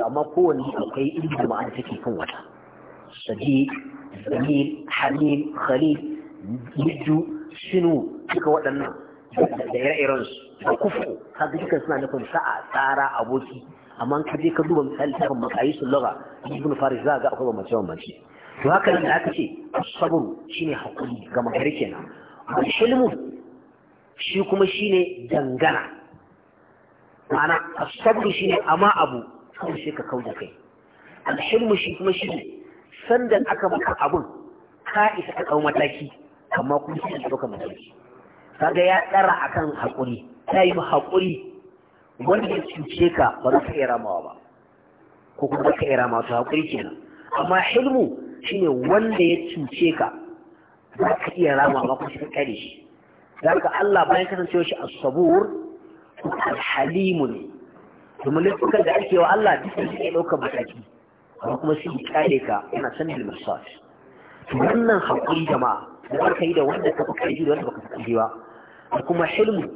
amma kowanne akwai inda ma'ana take kan wata sadiq zamil hamil khalil hijju shinu duka waɗannan da ire-iren su da kufu kaga duka suna nufin sa'a tsara aboki amma ka je ka duba misali kan makayisul lugha ibn faris za ga akwai bambance bambance to haka nan da aka ce shi shine haƙuri ga magari kenan al shi kuma shi ne dangana ma'ana sabon shi ne amma abu kawai sai ka kauda kai alhilmu shi kuma shi ne sanda aka maka abun ka isa ka dau mataki amma kuma sai ka ɗauka mataki kaga ya tsara akan haƙuri ta yi ma haƙuri wanda ya cuce ka ba za ka iya ramawa ba ko kuma ka iya ramawa ta haƙuri kenan amma hilmu ne wanda ya cince ka za ka iya rama ba kuma ka kare shi za ka Allah bayan kasancewa shi a sabur al-halim ne domin laifukan da ake wa Allah duk da ya ɗaukar mataki amma kuma sai ya kare ka yana san bil masas wannan hakuri jama'a da za ka yi da wanda ka fi karfi da wanda ka fi karfi ba da kuma hilmu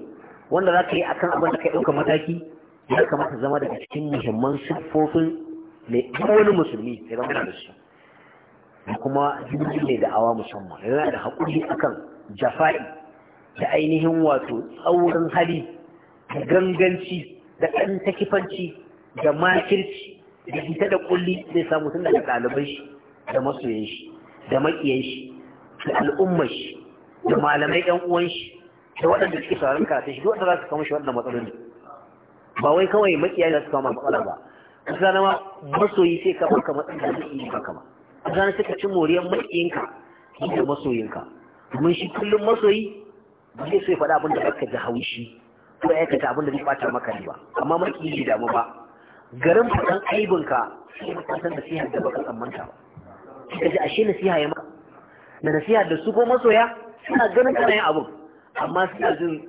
wanda za ka yi akan abin da ka ɗaukar mataki ya kamata zama daga cikin muhimman siffofin mai wani musulmi ya zama da shi. kuma jirgin ne da awa musamman yana da haƙuri akan jafa'i da ainihin wato tsaurin hali da ganganci da ɗan takifanci da makirci da ita da kulli zai samu tun daga ɗaliban shi da masoyan shi da maƙiyan shi da al'ummar shi da malamai ɗan uwan shi da waɗanda suke sauran karatun shi duk za su kama shi wannan matsaloli ba wai kawai maƙiya za su kama matsala ba kusa na ma masoyi sai ka baka matsala da zai yi baka ba zane suka ci moriyar maƙiyinka da masoyinka domin shi kullum masoyi ba zai so ya faɗa abin da ka ji haushi ko ya aikata abin da zai ɓata maka ne ba amma maƙiyi bai damu ba garin faɗan aibinka sai ka san nasiha da baka tsammanta ba ka ji ashe nasiha ya maka Na nasiha da su ko masoya suna ganin kana yin abin amma suna jin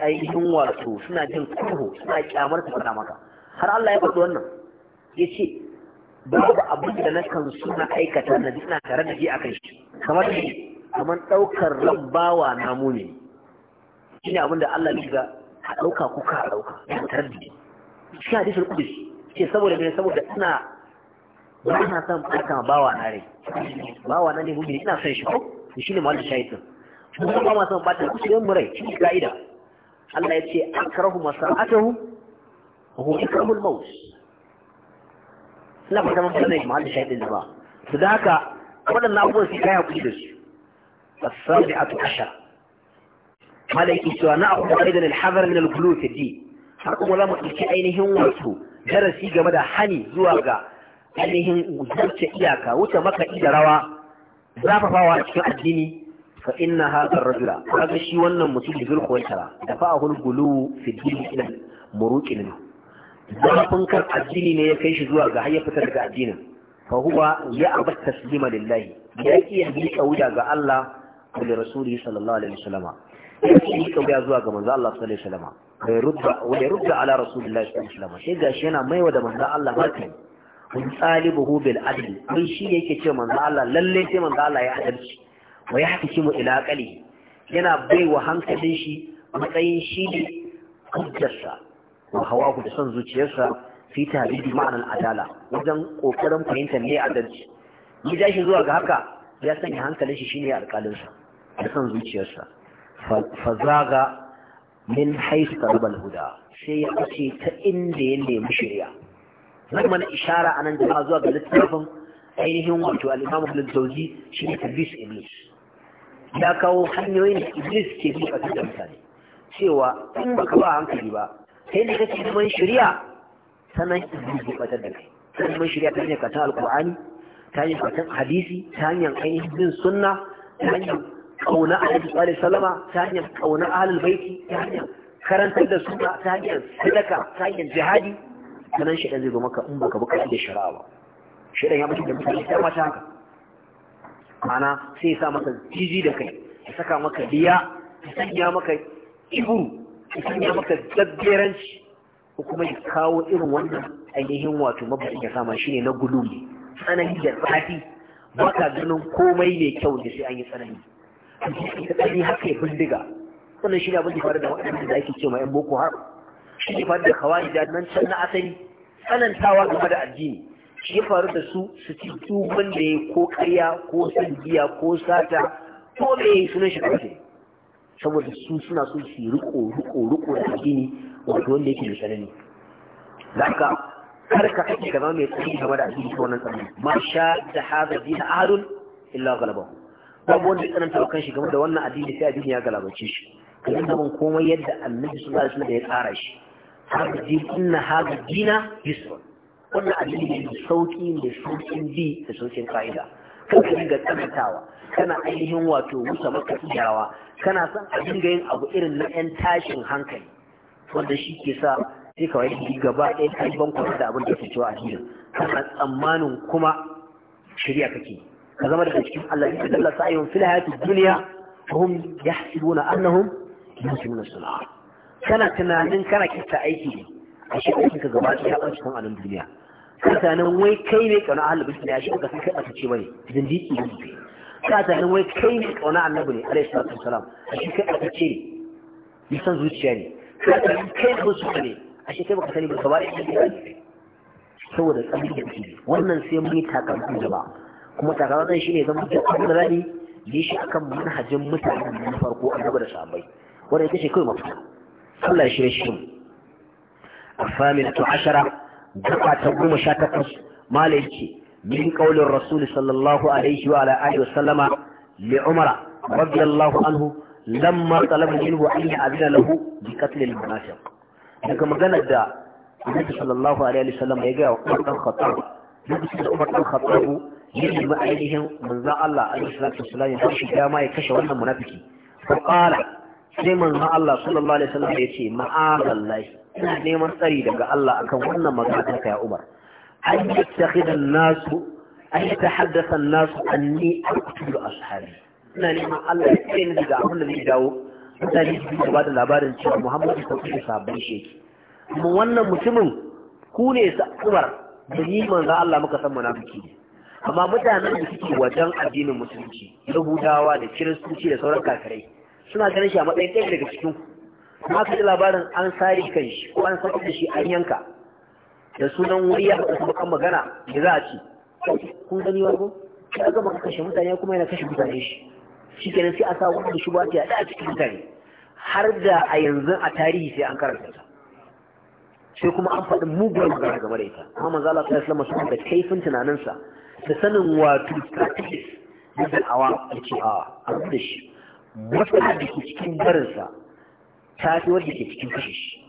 ainihin wato suna jin kurhu suna kyamar su faɗa maka har Allah ya faɗi wannan ya ce babu abin da na kan suna aikata na ina tare da ji a kai shi kamar shi kamar ɗaukar rabbawa na muni shi ne abin da Allah ne ga a ɗauka ko ka ɗauka ya tare da shi a dishin kudus ce saboda ne saboda ina ba na son ɓata bawa na rai bawa na ne muni ina son shi ko shi ne mawalin shaitan kuma ba ma son ɓata kusa yan murai shi ka'ida Allah ya ce an karahu masar'atahu wa huwa ikramul maus ina fata mun fara mahallin shahidin jama'a su da haka waɗannan abubuwan su kai hakuri da su as a tukasha. malaki cewa na akwai aidan al min al-ghulu fi har kuma za mu ɗauki ainihin wato darasi game da hani zuwa ga ainihin wuce iyaka wuce makaɗi da rawa zafafawa a cikin addini fa inna hadha rajula kaga shi wannan mutum da tara. da fa'ahul gulu fi din ila muruqin zafin kan addini ne ya kai shi zuwa ga har ya fita daga addinin fa huwa ya abar taslima lillahi ya ki ya miƙa wuya ga Allah wa li rasuli sallallahu alaihi wasallam ya ki miƙa wuya zuwa ga manzo Allah sallallahu alaihi wasallam bai rudda wa ya rudda ala rasulillahi sallallahu alaihi wasallam sai gashi yana maiwa da manzo Allah martani wani tsalibuhu bil adli mun shi yake ce manzo Allah lalle sai manzo Allah ya adalci wa yahkimu ila qali yana baiwa hankalin shi matsayin shi ne hujjarsa wa hawahu da son zuciyarsa fi tahdidi ma'anar adala wajen kokarin fahimtar ne adalci yi shi zuwa ga haka ya sanya hankalin shi shine alƙalinsa da son zuciyarsa zaga min haisu tarbar huda sai ya ce ta inda ya nemi shirya zai mana ishara a nan jama'a zuwa ga littafin ainihin wato al'imamu ibn jauzi shi ne iblis ya kawo hanyoyin iblis ke bi a cikin mutane cewa in baka ba hankali ba Sai ne kake neman shari'a sannan iblis zai batar da kai sai neman shari'a ta ka ta alqur'ani ta yi katon hadisi ta hanyar ainihin bin sunna ta hanyar kauna alaihi wa sallama ta hanyar kauna ahlul baiti ta hanyar karantar da sunna ta hanyar sadaka ta hanyar jihadi sannan shaidan zai zo maka in baka buƙaci da shari'a ba shaidan ya mutu da mutane ta mata haka ma'ana sai ya sa maka jiji da kai ya saka maka biya ya sanya maka iburu idan ya maka shi, ko kuma ya kawo irin wannan ainihin wato mabuɗin ya sama ne na gudu ne. tsanani da zafi ba ka ganin komai mai kyau da sai an yi tsanani ta tsani haka ya bindiga wannan shi ne abin da faru da waɗanda da ake cewa yan boko haram shi ne faru da kawai da nan can na asali tsanantawa game da addini shi ya faru da su su ci tuban da ya ko karya ko sanjiya ko sata ko me sunan shi kawai saboda su suna so su riko riko riko da addini wato wanda yake da tsanani zaka kar ka kake ka zama mai tsanani game da addini ta wannan tsanani ma sha da hada dina ahadun illa galabahu babu wanda ya tsananta kan shi game da wannan addini sai addini ya galabace shi ka dinga bin komai yadda annabi sallallahu alaihi wasallam ya tsara shi hada dina inna hada dina yusra wannan addini ne sauki ne saukin bi da saukin ka'ida kafin dinga tsanantawa kana ainihin wato wuce maka iyawa kana son a dinga yin abu irin na yan tashin hankali wanda shi ke sa sai ka wai gaba ɗaya kai banku da abin da ke cewa a filin kana tsammanin kuma shirya kake ka zama daga cikin Allah ya dalla sa'ayun fil hayati dunya hum yahsibuna annahum yusimuna sana'a kana tunanin kana kitta aiki ne a shi aikin ka gaba ɗaya a cikin alun duniya kasa nan wai kai ne kauna ahlul bait ne a shi ka kai a tace bane zindiki ne kasa nan wai kai ne kauna annabi ne alaihi salatu wasalam a shi kai a tace ne san zuciya ne kasa nan kai ne su ne a shi kai baka sani ba ka bari saboda tsamin da kake wannan sai mun yi takamman da ba kuma takamman shi ne zama duk abin da zai yi shi akan manhajin mutanen na farko annabi da sahabbai wanda ita ce kawai mafita Allah ya shirye shi A الثامنة عشرة gaba ta goma sha takwas malai ce min kaulin rasul sallallahu alaihi wa alihi wa sallama li umara radiyallahu anhu lamma talaba minhu an ya'zina lahu bi qatl al munafiq daga maganar da annabi sallallahu alaihi wa sallam ya ga Umar dan Khattab lokacin da Umar dan Khattab ya nemi ainihin manzon Allah alaihi salatu wasallam ya shi dama ya kashe wannan munafiki fa qala sai manzon Allah sallallahu alaihi wa sallam ya ce ma'azallahi ina neman tsari daga Allah akan wannan magana ta ya Umar an yi an-nasu an nasu an a anni aqtulu ashabi ina neman Allah ya tsare ni daga abin da zai dawo mutane su ba da labarin cewa Muhammadu ta kuma sabon sheki kuma wannan mutumin ku ne sa Umar da ni manzo Allah muka san munafiki ne amma mutanen da suke wajen addinin musulunci Yahudawa da Kiristoci da sauran kafirai suna ganin shi a matsayin ɗaya daga cikin amma ka ji labarin an sari kan shi ko an saka da shi an yanka da sunan wuri ya faɗa kuma kan magana da za a ci kun gani wani Ya aka maka kashe mutane kuma yana kashe mutane shi shi kenan sai a sa wani shi ba ta a cikin mutane har da a yanzu a tarihi sai an karanta ta sai kuma an faɗi mugun magana game da ita amma manzo Allah sallallahu alaihi wasallam da kaifin tunaninsa da sanin wato strategies da da'awa da ce a rubuta shi wasu da ke cikin barinsa ta fi wadda ke cikin kashe shi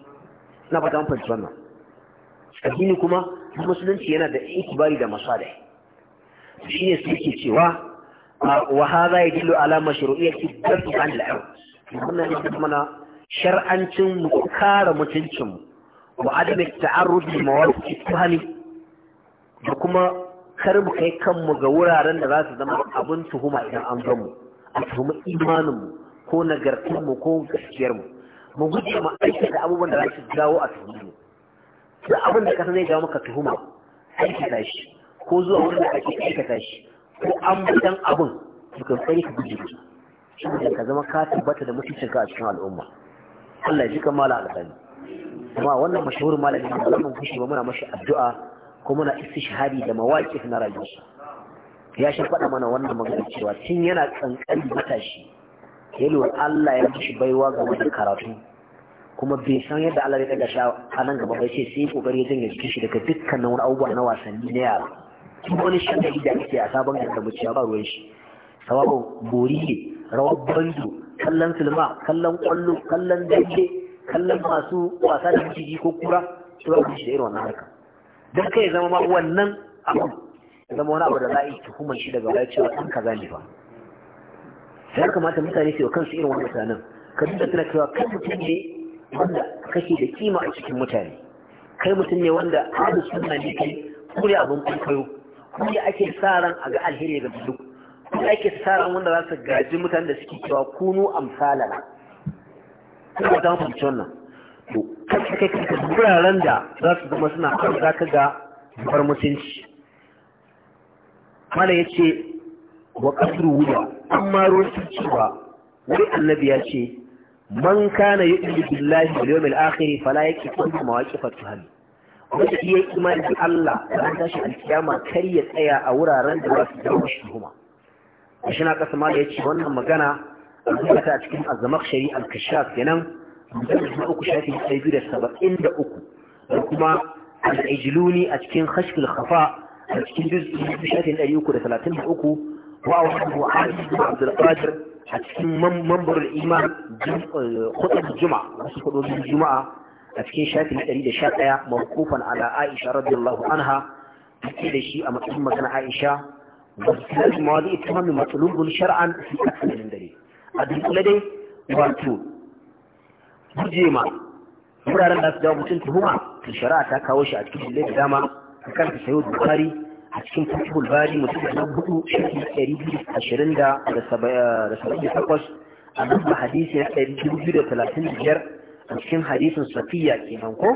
na fata amfani wannan addini kuma musulunci yana da ikibari da masalih shi ne su ke cewa ah, wa hadha yadullu ala mashru'iyyati dafi an al-ard wannan ne mana shar'ancin mu kare mutuncin mu wa adam ta'arrud li mawaqi tuhani da kuma kar mu kai kanmu ga wuraren da za su zama abin tuhuma idan an zama, a tuhuma imanin mu ko nagartar ko gaskiyarmu. mu guje ma aiki da abubuwan da za su jawo a tuhumu da abin da kasa zai jawo maka tuhuma aiki ta shi ko zuwa wurin da ake aikata shi ko an bidan abin su kan sai ka guje shi da ka zama ka tabbata da ka a cikin al'umma Allah ya ji mala alƙali kuma wannan mashahur malami da mun fushi ba muna mashi addu'a ko muna istishhadi da mawaqif na rayuwa ya shi faɗa mana wannan magana cewa tun yana tsankani matashi ya lura Allah ya mishi baiwa ga wani karatu kuma bai san yadda Allah ya daga sha a nan gaba bai ce sai kokari ya dinga jikin shi daga dukkanin wani abubuwa na wasanni na yara kuma wani shan da da ake a sabon da muciya ba ruwan shi Sababin bori ne rawar bandu kallon silma kallon kwallo kallon dande, kallon masu wasa da miciji ko kura su ba shi da irin wannan harka Dan kai ya zama ma wannan abu ya zama wani abu da za a yi tuhumar shi daga wani cewa ɗan kaza ne ba sai ya kamata mutane su yi kansu irin wani mutanen ka duka suna cewa kai mutum ne wanda kake da kima a cikin mutane kai mutum ne wanda hadu suna ne kai kuri abin kwaikwayo kuri ake sa ran a ga alheri ga duk kuri ake sa ran wanda za su gaji mutanen da suke cewa kunu amsalana kuma ta mafi wannan to kai kai kai wuraren da za su zama suna kan za ka ga bar mutunci ya ce wa qadru wuya amma ruwan cewa wani annabi ya ce man kana yu'minu billahi wal yawmil akhir fala yake yakfur mawaqifat hali. wanda iya imani da Allah da an tashi alkiyama kar ya tsaya a wuraren da za su dawo shi kuma shi na kasa mala yace wannan magana a a cikin az-zamakhshari al-kashaf kenan mutum na uku shafi ɗari biyu da saba'in da uku da kuma al-ijluni a cikin khashfil khafa a cikin juz'i shafi ɗari uku da talatin da uku وأوحده عارف بن عبد القادر أتكين منبر الإيمان خطب الجمعة خطب الجمعة أتكين شاكل أريد شاكايا موقوفا على عائشة رضي الله عنها أكيد شيء أما أم كان عائشة واستدلال مواضيع التمام مطلوب شرعا في أكثر من دليل أدل لدي واتو برجيما wuraren da su dawo mutum tuhuma ta shari'a ta kawo shi a cikin dalilai da dama a kan sahihul bukhari a cikin fatihul bari mutum da nan hudu shafi ɗari biyu ashirin da saba'in da takwas a nan ba hadisi na ɗari biyu da talatin da biyar a cikin hadisin safiya kenan ko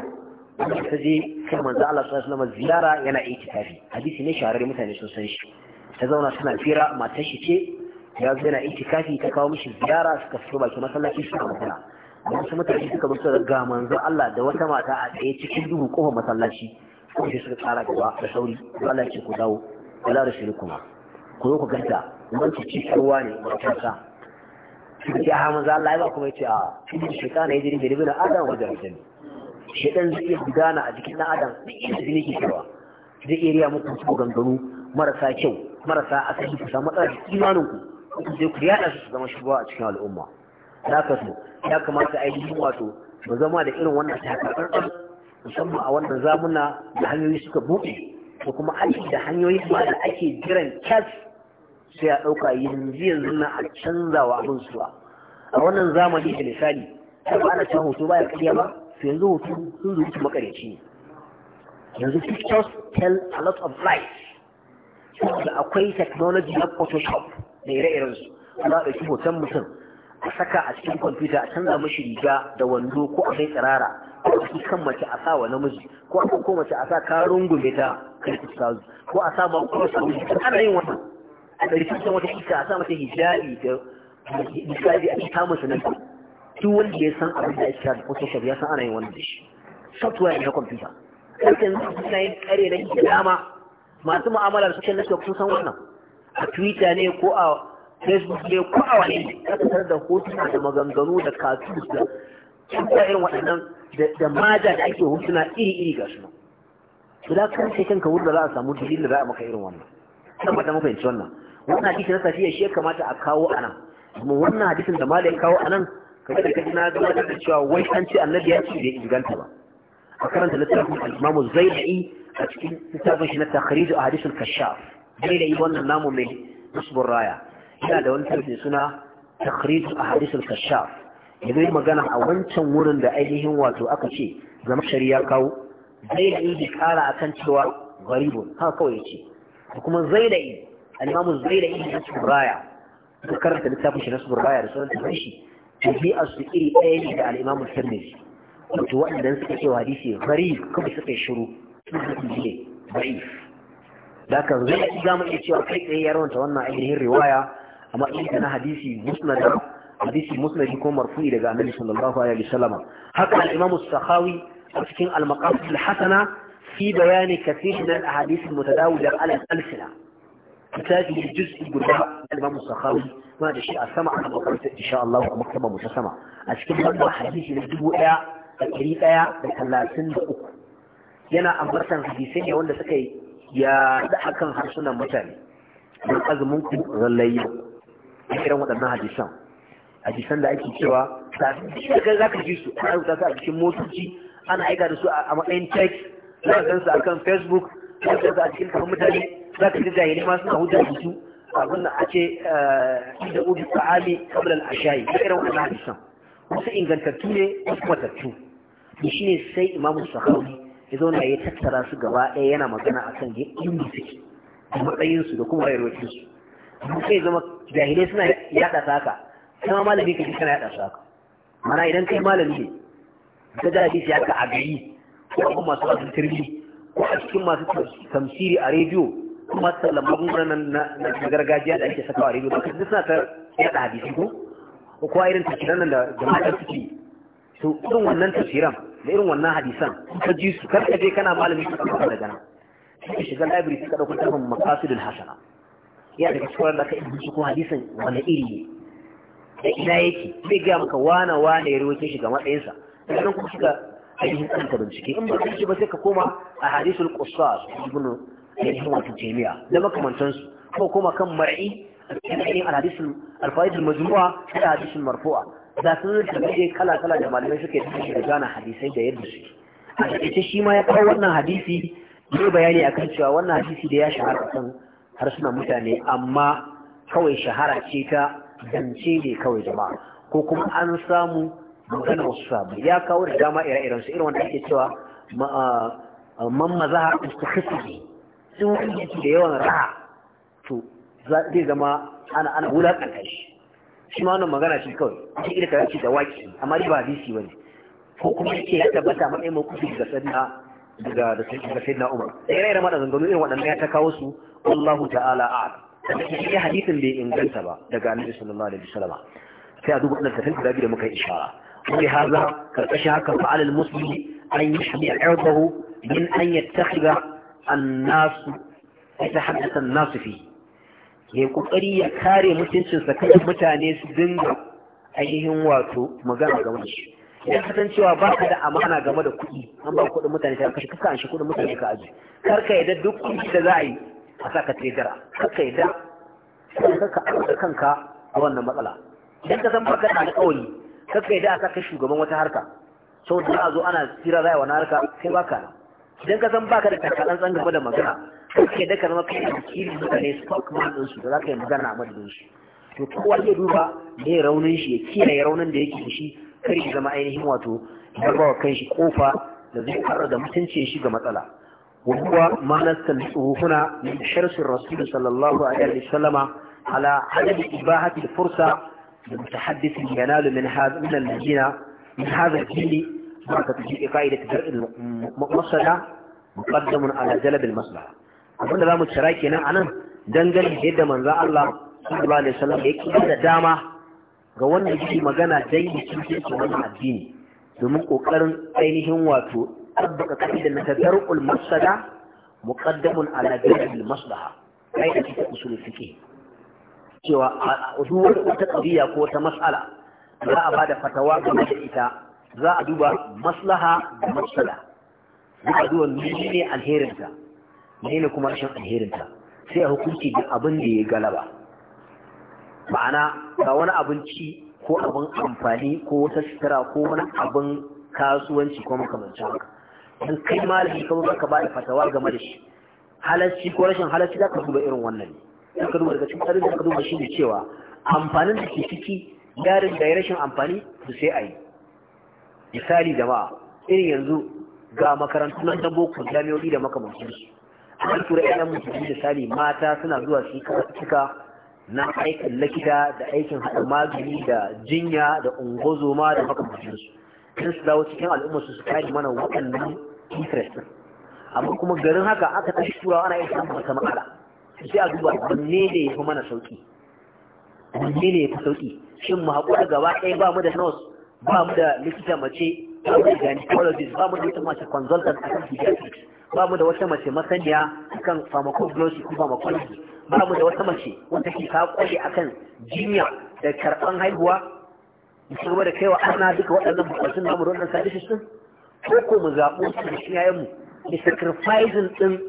wanda ta je kan manzo Allah sallallahu alaihi ziyara yana itikafi hadisi ne shahararre mutane sun san shi ta zauna tana fira matar shi ce ya zo yana itikafi ta kawo mishi ziyara suka fito baki masallaci suka magana wasu mutane suka bar ga manzo Allah da wata mata a tsaye cikin duhu kofar masallaci ko shi suka tsara gaba da sauri to Allah ce ku dawo wala rasulukuma ku zo ku ganta ban ci ci ruwa ne ba kansa shi ce ha za Allah ba kuma yace a shi shaytan ne jiri jiri na adam wajen mutum shaytan zai iya gudana a jikin dan adam duk inda jini ke cewa zai iya riya muku su gangaro marasa kyau marasa asali ku samu matsalar imanin ku sai ku yada su zama shugaba a cikin al'umma da haka ya kamata a yi wato ba zama da irin wannan takarar musamman a wannan zamuna da hanyoyi suka buɗe ko kuma aiki da hanyoyi kuma da ake jiran cas sai a ɗauka yanzu yanzu na a canza wa abin suwa a wannan zamani da misali ta ba ana can hoto baya ƙarya ba su yanzu hoto sun su makarici yanzu pictures tell a lot of lies da akwai technology na photoshop da ire-irensu za a ɗauki hoton mutum a saka a cikin kwamfuta a canza mashi riga da wando ko a kai tsirara ko a kan mace a sa wa namiji ko a ko mace a sa karun gume ta kai ustazu ko a sa ma ko ana yin wannan a ɗari cikin wata iska a sa mata hijabi da hijabi a cikin musu nan duk wanda ya san abin da iska da photoshop ya san ana yin wannan da shi software ne na kwamfuta sai yanzu suna yin kare da dama masu mu'amala da suke na sun san wannan a twitter ne ko a facebook ne ko a wani ya fitar da hotuna da maganganu da cartoons da kuma irin waɗannan da maja da ake hotuna iri-iri ga suna to da kan sai kanka wurin da za a samu dalilin da za a maka irin wannan kan mata mafahimci wannan wannan hadisi na safiya shi ya kamata a kawo a nan kuma wannan hadisin da malai kawo a nan kamar da kaji na zama da cewa wai an ce annabi ya ce bai inganta ba a karanta littafin al-imamu zaida'i a cikin littafin shi na takhrij a hadisul kashaf zaida'i wannan namu mai musbur raya yana da wani tafi suna takhrij ahadith al-kashaf yi magana a wancan wurin da ainihin wato aka ce zama shari'a kawo zaidai bi kara akan cewa gharibun haka kawai yace kuma zaidai al-imamu zaidai da suraya da karanta littafin shi na suraya da sunan tafi a su iri ɗaya ne da al-imamu tirmidhi wato waɗanda suka ce hadisi gharib kuma suka yi shiru ne gharib da ka zai zamu iya cewa kai tsaye ya rawanta wannan ainihin riwaya amma in na hadisi musnad hadisi musnad ko marfu'i daga annabi sallallahu alaihi wasallam haka al-imam as-sakhawi a cikin al-maqasid al-hasana fi bayan kathir min al-ahadith al-mutadawila ala al-alsina kitabi juz'i guda al-imam as-sakhawi ma da shi a sama a makarantar insha Allah a maktaba mu ta sama a cikin wannan hadisi na dubu ɗaya da ɗari ɗaya da talatin da uku yana ambatan hadisai ne wanda suka yi ya da akan harsunan mutane don azumin ku rallayi irin waɗannan hadisan hadisan da ake cewa tafi da kai ka ji su ana rubuta su a cikin motoci ana aika da su a matsayin tech za ka a kan facebook za ka su a cikin kamar mutane za ka ji jahilai ma suna hujja da su abin da ake eh, da ubi ta'ali kamar al'ashayi a irin waɗannan hadisan wasu ingantattu ne wasu matattu to shine sai imamu sahawi ya zauna ya tattara su gaba ɗaya yana magana a akan yin suke da matsayinsu da kuma rayuwar su sai zama jahilai suna yaɗa saka kuma malami ka kana kana yaɗa saka mana idan kai malami ne ka da shi ya a agayi ko kuma masu wasu turbi ko a cikin masu tamsiri a rediyo kuma sallan nan na gargajiya da ake sakawa a rediyo kuma ji suna ta yada hadisi ko ko kuwa irin tafsiran nan da jama'a suke to irin wannan tafsiran da irin wannan hadisan ka ji su kar ka je kana malami ka ɗauka daga nan sai ka shiga library ka dauko tafin maqasidul hasana ya daga cikin wanda aka ibi ko hadisin wani iri ne da ina yake zai gaya maka wane wane ya rawaito shi ga matsayinsa daga kuma kuma shiga ainihin tsananta bincike in ba kai ba sai ka koma a hadisul qissas ibn ibn wato jami'a da makamantansu ko kuma kan mar'i a cikin ainihin alhadisul alfaidul majmu'a da hadisul marfu'a da sun tafi kala kala da malamai suke da gane hadisai da yadda suke a ita shi ma ya kawo wannan hadisi zai bayani akan cewa wannan hadisi da ya shahara kan suna mutane amma kawai shahara ce ta zance ne kawai jama'a ko kuma an samu magana wasu sabu ya kawo da dama ire-iren su irin wanda ake cewa man mazaha ne in wani yake da yawan raha to zai zama ana ana wulakanta shi shi ma wannan magana shi kawai ita ita karanci da waki amma ba hadisi wani ko kuma yake ya tabbata matsayin mai kufi da sanna daga da na Umar sai da mada zangano irin waɗannan ya ta kawo su Allahu ta'ala a'lam sai hadisin bai inganta ba daga Annabi sallallahu alaihi wasallam sai a duba wannan tafsir guda biyu da muka yi ishara wani haza karkashin haka fa'al muslimi an yahmi irdahu min an yattakhidha an-nas yatahaddatha an-nas fi yayi kokari ya kare mutuncinsa kada mutane su dinga ainihin wato magana game da shi ya ka cewa ba ka da amana game da kuɗi an ba kuɗin mutane ta kashe kaka an shi kuɗin mutane ka aji kar ka yadda duk kuɗi da za a yi a sa ka tejara kar ka yadda kar ka aika kanka a wannan matsala idan ka san baka da alƙawari kar ka yadda a sa ka shugaban wata harka sau da a zo ana tsira yi wani harka sai baka nan idan ka san baka da takalan game da magana kar ka yadda ka zama kai da kiri mutane su ka ɗinsu da za ka yi magana a madadin su to kowa zai duba me raunin shi ya kiyaye raunin da yake da shi Kar kari zama ainihin wato yarbawa kan shi kofa da zai kara da mutunci shi ga matsala wa huwa manastan tsohuna min sharsin rasul sallallahu alaihi wasallama ala adad ibahati fursa da mutahaddis yanalu min hadha min al-madina min hadha al-dini barka ka'ida qa'idat dar'il maqsada muqaddamun ala jalb al-maslaha abinda zamu tsara kenan anan dangane da yadda manzo Allah sallallahu alaihi wasallam yake da dama ga wanda yake magana dai da cikin wani addini domin kokarin ainihin wato tabbaka kaida na tadarrul masada muqaddamun ala dalil maslaha kai a cikin usul fiqh cewa duk wata qadiya ko ta mas'ala za a bada fatawa ga da ita za a duba maslaha da masala za a ne alherinta ne kuma rashin alherinta sai a hukunci da abin da ya galaba ma'ana ga wani abinci ko abin amfani ko wata sutura ko wani abin kasuwanci ko makamancin haka dan kai malami ka baka ba bada fatawa game da shi halarci ko rashin halarci za ka duba irin wannan ne ka duba daga cikin tsarin da ka duba shi ne cewa amfanin da ke ciki yarin da ya rashin amfani su sai a yi misali jama'a irin yanzu ga makarantu nan da boko jami'o'i da makamancin su an tura ƴan musulmi misali mata suna zuwa su yi cika na aikin lakida da aikin haɗa magani da jinya da ungozoma da makamashinsu kan su dawo cikin al'ummarsu su kari mana waɗannan interest amma kuma garin haka aka tashi turawa ana iya samun wata matsala sai a duba wanne ne ya fi mana sauki wanne ne ya fi sauki shin mu haƙura gaba ɗaya ba mu da nurse ba mu da likita mace ba mu da gynecologist ba mu da wata mace consultant a kan pediatrics ba mu da wata mace masaniya kan pharmacology ko pharmacology ba mu da wata mace wanda ke ta a akan jinya da karban haihuwa mu ci gaba da kaiwa ana duka waɗannan bukatun namu don services din ko ko mu zaɓo su da shiyayen mu da sacrificing din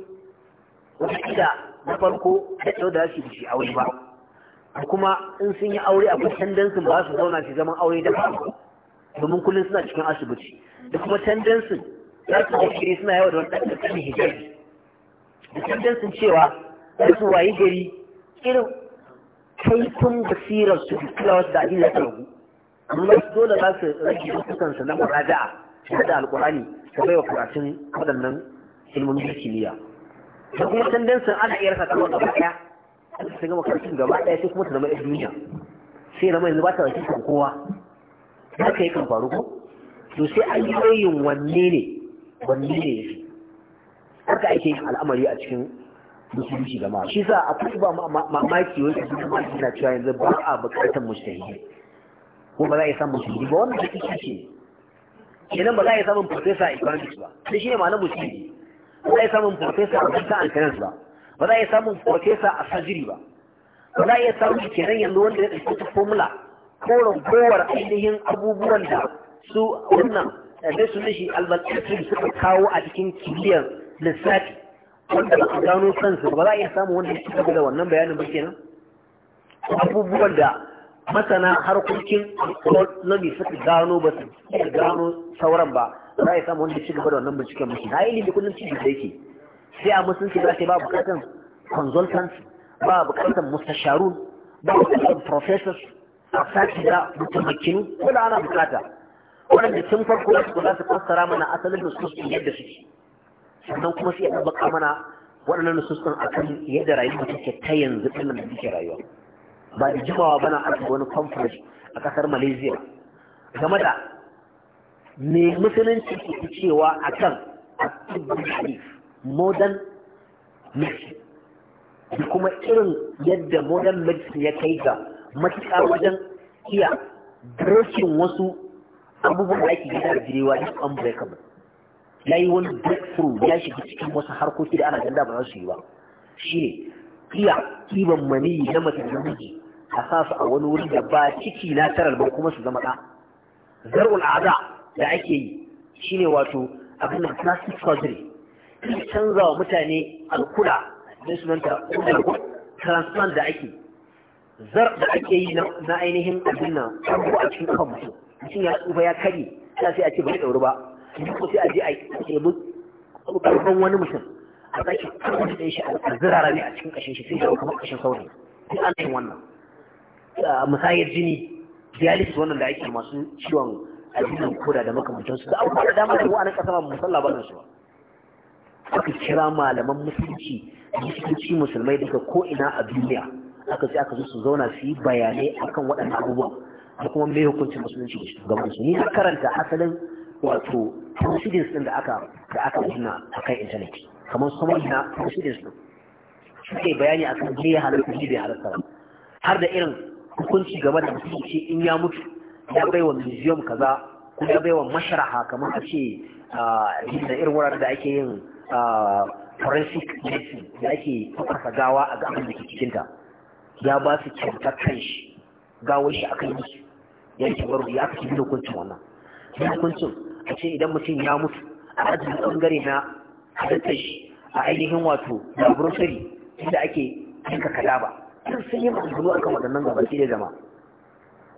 wata kila na farko da ɗau da su shi aure ba kuma in sun yi aure akwai tendensin ba su zauna su zaman aure da ba domin kullum suna cikin asibiti da kuma tendensin za su da suna yawa da wani ɗan ƙarfin hijabi da tendensin cewa da su waye gari irin kaifin basirar su da wasu da adila ta ragu amma dole za su rage lokutansu na muraja'a da alkurani ta bai wa kuratun waɗannan ilmin kimiyya da kuma tandansin ana iya rasa kamar gaba ɗaya an ta gama karatun gaba ɗaya sai kuma ta zama duniya sai zama yanzu ba ta kan kowa za ka yi kan faru ko to sai an yi wanne ne wanne ne ya fi ka ake al'amari a cikin musulunci gama shi sa akwai ba mamaki wani su kuma suna cewa yanzu ba a bukatar mustahili ko ba za a yi samun mustahili ba wannan shi ce kenan ba za a yi samun a economics ba sai shi ne na mustahili ba za a yi samun profesa a banka alkanas ba ba za a yi samun profesa a sajiri ba ba za a iya samun kenan yanzu wanda ya ɗauki ta formula ko kowar ainihin abubuwan da su wannan eh, da su ne shi albalcin suka kawo a cikin kimiyyar lissafi wanda ba a gano kansu ba za a iya samun wanda ya da wannan bayanin ba kenan abubuwan da masana harkokin na bi suka gano ba su gano sauran ba za a iya samun wanda ya da wannan binciken ba kenan ilimi kullum cikin da yake sai a musulunci za ta ba bukatan consultants ba bukatan mustasharu ba bukatan professors a sati da mutumakin ko ana bukata waɗanda tun farko su za su fassara mana asalin da su yadda suke sannan kuma sai ya baka mana waɗannan nususun akan yadda rayuwa take ta yanzu ɗin da ke rayuwa ba da jimawa bana aka wani conference a ƙasar malaysia game da me musulunci ke cewa akan a hadith modern medicine da kuma irin yadda modern medicine ya kai ga matuƙa wajen iya dressing wasu abubuwan da ake gida da jirewa duk unbreakable ya yi wani breakthrough ya shiga cikin wasu harkoki da ana ganda ba za su yi ba shi ne iya kiban maniyi na mace da miji a sa su a wani wuri da ba ciki na tarar ba kuma su zama ɗa zar'ul aza da ake yi shine wato abin da plastic surgery shi canza wa mutane alkula da su sunanta transplant da ake zar da ake yi na ainihin abin nan ko a cikin kan mutum mutum ya tsufa ya karye sai a ce bai ɗauri ba ko sai a je a yi karfan wani mutum a sake karfan da shi a zirara ne a cikin kashin shi sai shi kuma ƙashin saurayi sai ana yin wannan musayar jini dialysis wannan da ake masu ciwon aljinan koda da makamantansu da abubuwa da dama da wa'anan kasa ba musalla ba su ba aka kira malaman musulunci musulunci musulmai daga ko'ina a duniya aka ce aka zo su zauna su yi bayanai akan waɗannan abubuwan da kuma mai hukuncin musulunci ga musulmi na karanta asalin wato proceedings din da aka da aka kunna akan internet kamar kamar na proceedings din suke bayani akan me ya halatta shi bai halatta ba har da irin hukunci game da mutum ce in ya mutu ya baiwa museum kaza ko ya baiwa masharaha kamar a ce da irin wuraren da ake yin forensic medicine da ake kafa gawa a ga abin da ke cikinta ya ba su kyautar kan shi gawar shi akan yi yankin baro ya fi hukuncin wannan hukuncin a ce idan mutum ya mutu a ajiye bangare na halittar shi a ainihin wato laboratory inda ake yanka kalaba sun sun yi maganganu akan waɗannan gabashi da jama'a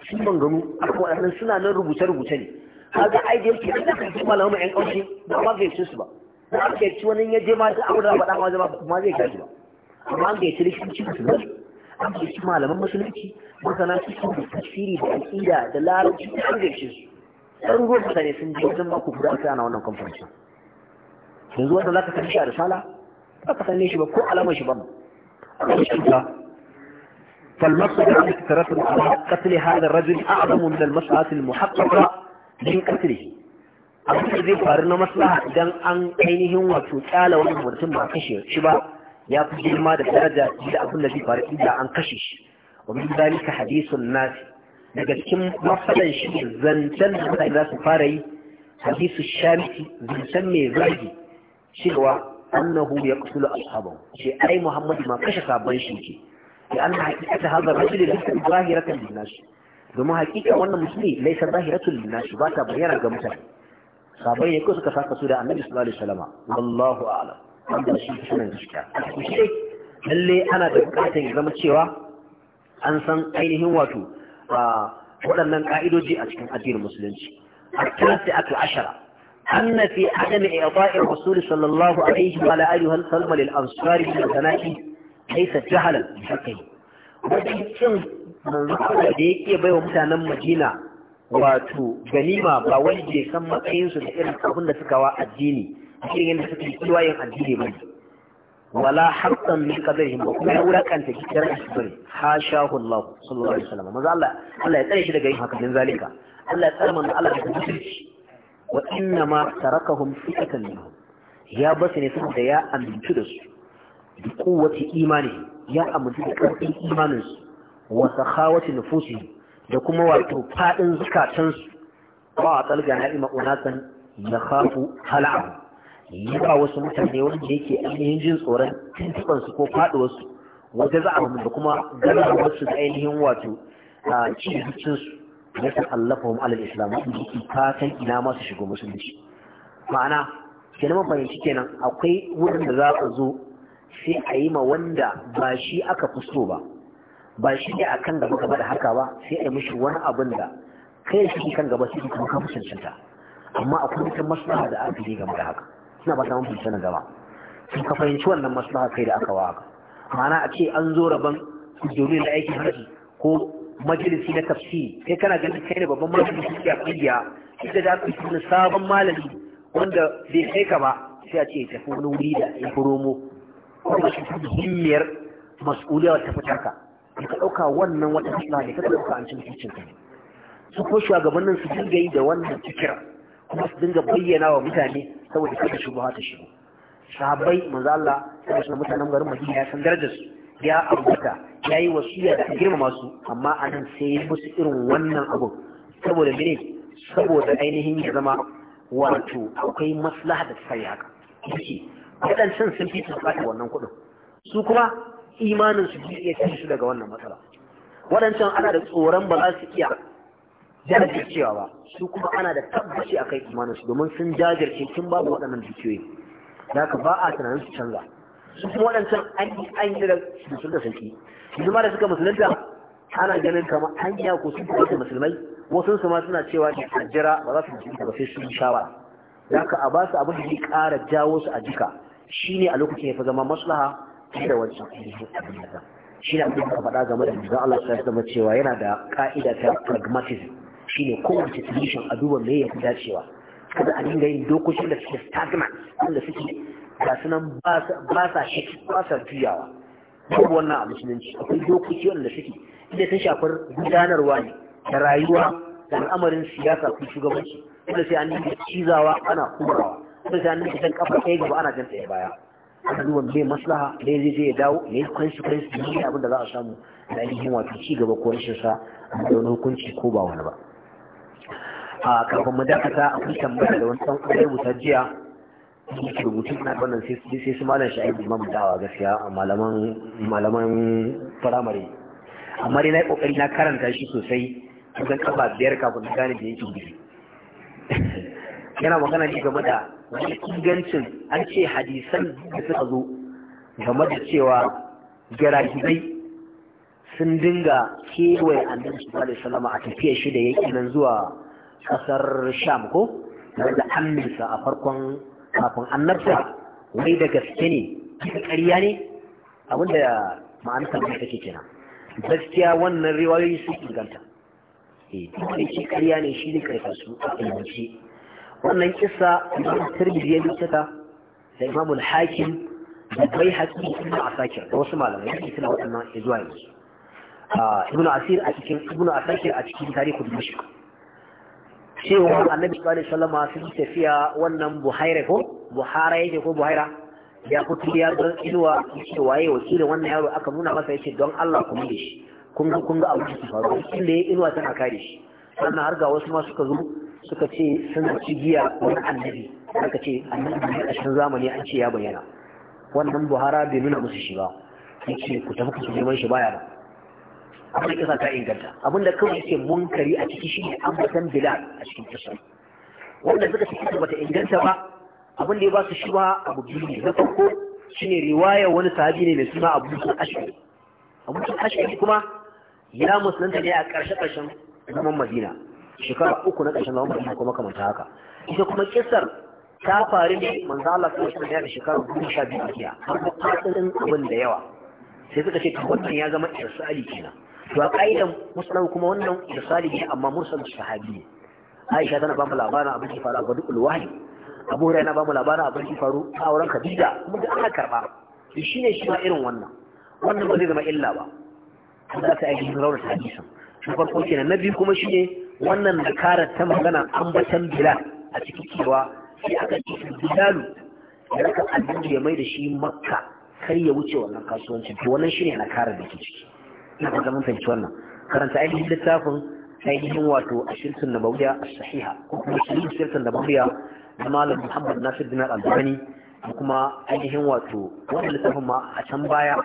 sun maganganu akan waɗannan suna nan rubuce-rubuce ne kaga ai ke yake da kan kuma lamu ƴan ƙaushi ba ma gaisu su ba da aka gaisu wani ya je ma da abu da ba ma zama ma zai gaji ba amma an gaisu likitoci musulmi an gaisu malaman musulunci masana cikin tafsiri da aƙida da larabci an gaisu su ɗaruruwan mutane sun je wajen mako guda aka ana wannan conference yanzu wanda za ka san shi a risala ba ka san shi ba ko alamar shi ba mu Allah shi ta فالمقصد عن الترتب على قتل هذا الرجل أعظم من المصلحة المحققة من قتله abin da zai faru na maslaha idan an ainihin wato tsala wani mutum ba kashe shi ba ya fi girma da daraja da abin da zai faru idan an kashe shi wa min zalika hadithun nafi daga cikin matsalan shi zancen da mutane za su fara yi hadisu shamiti zancen mai zagi cewa annahu ya kusula ashabahu ce ai muhammadu ma kashe sabon shi ke ya an hakikata hazar rajuli da ta zahiratan linnashi domin hakika wannan musulmi laisa zahiratul linnashi ba ta bayyana ga mutane sabon ya suka saka su da annabi sallallahu alaihi wasallam wallahu a'lam an ba shi sunan gaskiya lalle ana da bukatar ya zama cewa an san ainihin wato waɗannan ƙa’idoji a cikin addinin musulunci. A talatti a ashara, an na fi adami a ba’in rasuli sallallahu alaihi wa la’ayi wa salmalin an suwari da zanaki haisa jihalar shakai. Wajen cin manzuwa da ya iya baiwa mutanen Madina wato ganima ba wani je san matsayinsu da irin abin da suka wa addini, a cikin yadda suka yi kiwayen addini ba wala haqqan min qadrihim ba kuma ya wulakanta kiran shi sha hashahu Allah sallallahu alaihi wasallam manzo Allah Allah ya tsare shi daga yin haka din zalika Allah ya tsare manzo Allah ya daga mutunci wa inna ma tarakahum fitatan minhum ya basu ne saboda ya amintu da su bi quwwati imani ya amintu da karfin imanin su wa sakhawati nufusihim da kuma wato fadin su. ba a tsalga na'ima unasan yakhafu hala'ahu yi ba wasu mutane wanda yake ainihin jin tsoron tuntuɓansu ko wasu wanda za a da kuma ganin wasu da ainihin wato a cikin su na ta'allafahum alal islam wanda yake fatan ina masu shigo musulunci ma'ana ke mun fahimci kenan akwai wurin da za ka zo sai a yi ma wanda ba shi aka fi ba ba shi ne a kan gaba da haka ba sai a yi mishi wani abin da kai shi kan gaba sai kuma ka fi cancanta amma akwai wata maslaha da aka yi game da haka ina ba ta mun na gaba sun ka fahimci wannan maslaha kai da aka waka mana a ce an zo rabon domin da aikin haji ko majalisi na tafsiri kai kana ganin kai ne babban majalisi suke a kungiya ita da aka suna sabon malami wanda bai kai ka ba sai a ce tafi wani wuri da ya romo kuma shi ta muhimmiyar mas'uliyar wata fitar ka ka ɗauka wannan wata maslaha ne ka ɗauka an cin cikin ka ne, su ko shugabannin su dinga yi da wannan fikira kuma su dinga bayyana wa mutane saboda kada shubha ta shigo sahabbai manzo Allah sai su mutanen garin Madina ya san darajar su ya abuta yayi wasiya da girmama su amma anan sai ya musu irin wannan abu saboda mene saboda ainihin ya zama wato akwai maslaha da sai haka yake waɗancan sun fi tsaka wannan kuɗin su kuma imanin su iya ci su daga wannan matsala waɗancan ana da tsoron ba za su iya jajircewa ba su kuma ana da tabbaci a kai imaninsu domin sun jajirce tun babu waɗannan jikiyoyi da ka ba a tunanin su canza su kuma waɗancan an yi an yi da da sauki yanzu ma da suka musulunta ana ganin kamar an yi ko sun kuma musulmai wasu su ma suna cewa ne a jira ba za su musulunta ba sai sun sha ba da ka a ba su abin da zai ƙara jawo su a jika shine a lokacin ya fi zama maslaha da wancan abin da shi ne abin da ka faɗa game da manzon Allah sallallahu alaihi da cewa yana da ka'ida ta pragmatism shi ne kowace solution a duba me ya fi dacewa kada a dinga yin dokokin da suke stagnant wanda suke ga su nan ba sa shi ba sa juyawa babu wannan a musulunci akwai dokoki wanda suke inda ta shafar gudanarwa ne da rayuwa da al'amarin siyasa ko shugabanci wanda sai an dinga cizawa ana kurawa wanda sai an dinga jan kafa ɗaya gaba ana jan ɗaya baya ana duba me maslaha me zai zai dawo me consequence ne abin da za a samu da ainihin wato ci gaba ko rashin sa a wani hukunci ko ba wani ba a kafin mu dakata a kusan da wani ɗan ƙwai rubuta jiya suke rubutu na wannan sai su malam sha'ibu mamu dawa gaskiya a malaman firamare amma dai na yi ƙoƙari na karanta shi sosai kusan kafa biyar kafin na gane da yake biyu yana magana ne game da wani ingancin an ce hadisan da suka zo game da cewa giragizai sun dinga kewaye annabi sallallahu alaihi wasallam a tafiyar shi da yake nan zuwa kasar sham ko da amminsa a farkon kafin annabta wai da gaske ne ƙarya ne abinda ma'anarsa mai take kenan gaskiya wannan riwayoyi su inganta eh shi ƙarya ne shi ne karfa su a ilmance wannan kissa imam tirmidhi ya bincika da imam al-hakim da bai haƙi a asakir da wasu malamai da suna waɗannan ne? yanzu ah, ibnu asir a cikin ibnu asakir a cikin tarihi dimashq cewa annabi sallallahu alaihi wasallam sun tafiya wannan buhaira ko buhara yake ko buhaira ya fito ya ga inuwa shi waye wakilin wannan yaro aka nuna masa yace don Allah ku mure shi kun ga kun ga abu da faru shi ne inuwa tana kare shi sannan har ga wasu ma suka zo suka ce sun ci giya wani annabi aka ce annabi a cikin zamani an ce ya bayyana wannan buhara bai nuna musu shi ba yace ku tafi ku neman shi baya ba abin da ta inganta abin da kawai yake munkari a ciki shi an batan bilal a cikin tasiri wanda suka ce bata inganta ba abin da ya ba su shi ba abu biyu ne na farko shine riwaya wani sahabi ne mai suna abu sun ashari abu sun ashari kuma ya musulunta ne a ƙarshe ƙarshen zaman madina shekara uku na ƙarshen zaman madina kuma kamar haka ita kuma kisar ta faru ne manzo Allah sallallahu alaihi wasallam da shekara goma sha biyu a jiya har da fasirin abin da yawa sai suka ce wannan ya zama irsali kenan to a ƙa'idan musulun kuma wannan misali ne amma mursal sahabi ne aisha tana bamu labarin abin da faru a gwadu ulwahi abu hurairah bamu labarin abin da faru a auren khadija kuma da aka karba shi ne shi ma irin wannan wannan ba zai zama illa ba da ta aiki raunar hadisin shi farko kenan na biyu kuma shi ne wannan da karar ta magana ambatan bila a cikin cewa sai aka ce bilalu ya raka addini ya mai da shi makka kar ya wuce wannan kasuwancin to wannan shine na karar da ke ciki na zaman fahimci wannan karanta ainihin littafin ainihin wato a shirkin da bauya a sahiha ko kuma shirin shirkin da bauya na malam muhammad nasir dinar albani da kuma ainihin wato wannan littafin ma a can baya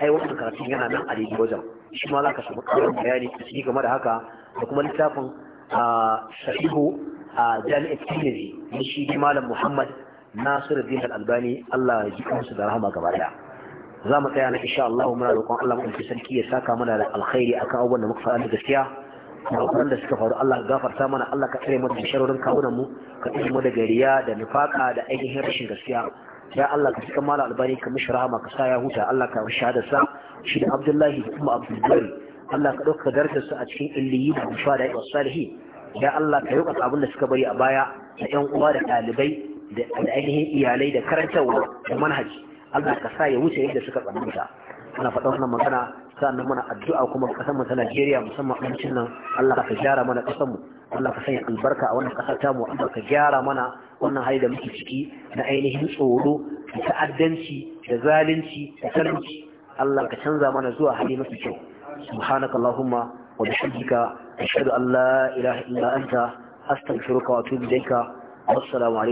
ai wannan karatun yana nan a daidai wajen shi ma za ka samu karin bayani a ciki game da haka da kuma littafin sahihu a jami'ar tirmidhi na shi malam muhammad nasiru dinar albani allah ya ji kansu da rahama gaba daya za mu tsaya na insha Allah muna roƙon Allah mu ɗauki sarki ya saka mana da alkhairi akan abubuwan da muka faɗa da gaskiya da suka faru Allah ka gafarta mana Allah ka tsare mu da sharorin kawunan mu ka tsare mu da gariya da nifaka da ainihin rashin gaskiya ya Allah ka cika mala albani ka mishi rahama ka sa ya huta Allah ka shahada sa shi da Abdullahi da kuma Abdul Allah ka ɗauka darajar su a cikin illiyi da bufa da wasu salihi ya Allah ka yauka abin da suka bari a baya da ƴan uwa da ɗalibai da ainihin iyalai da karantarwa da manhaji Allah ka sa ya wuce yadda suka tsananta ana faɗa wannan magana sannan muna addu'a kuma ƙasar mu ta Najeriya musamman mutun nan Allah ka gyara mana ƙasar mu Allah ka sanya albarka a wannan ƙasar mu Allah ka gyara mana wannan hali da muke ciki na ainihin tsoro da ta'addanci da zalunci da talauci Allah ka canza mana zuwa hali mafi kyau subhanaka allahumma wa bihamdika ashhadu an la ilaha illa anta astaghfiruka wa atubu ilayka wassalamu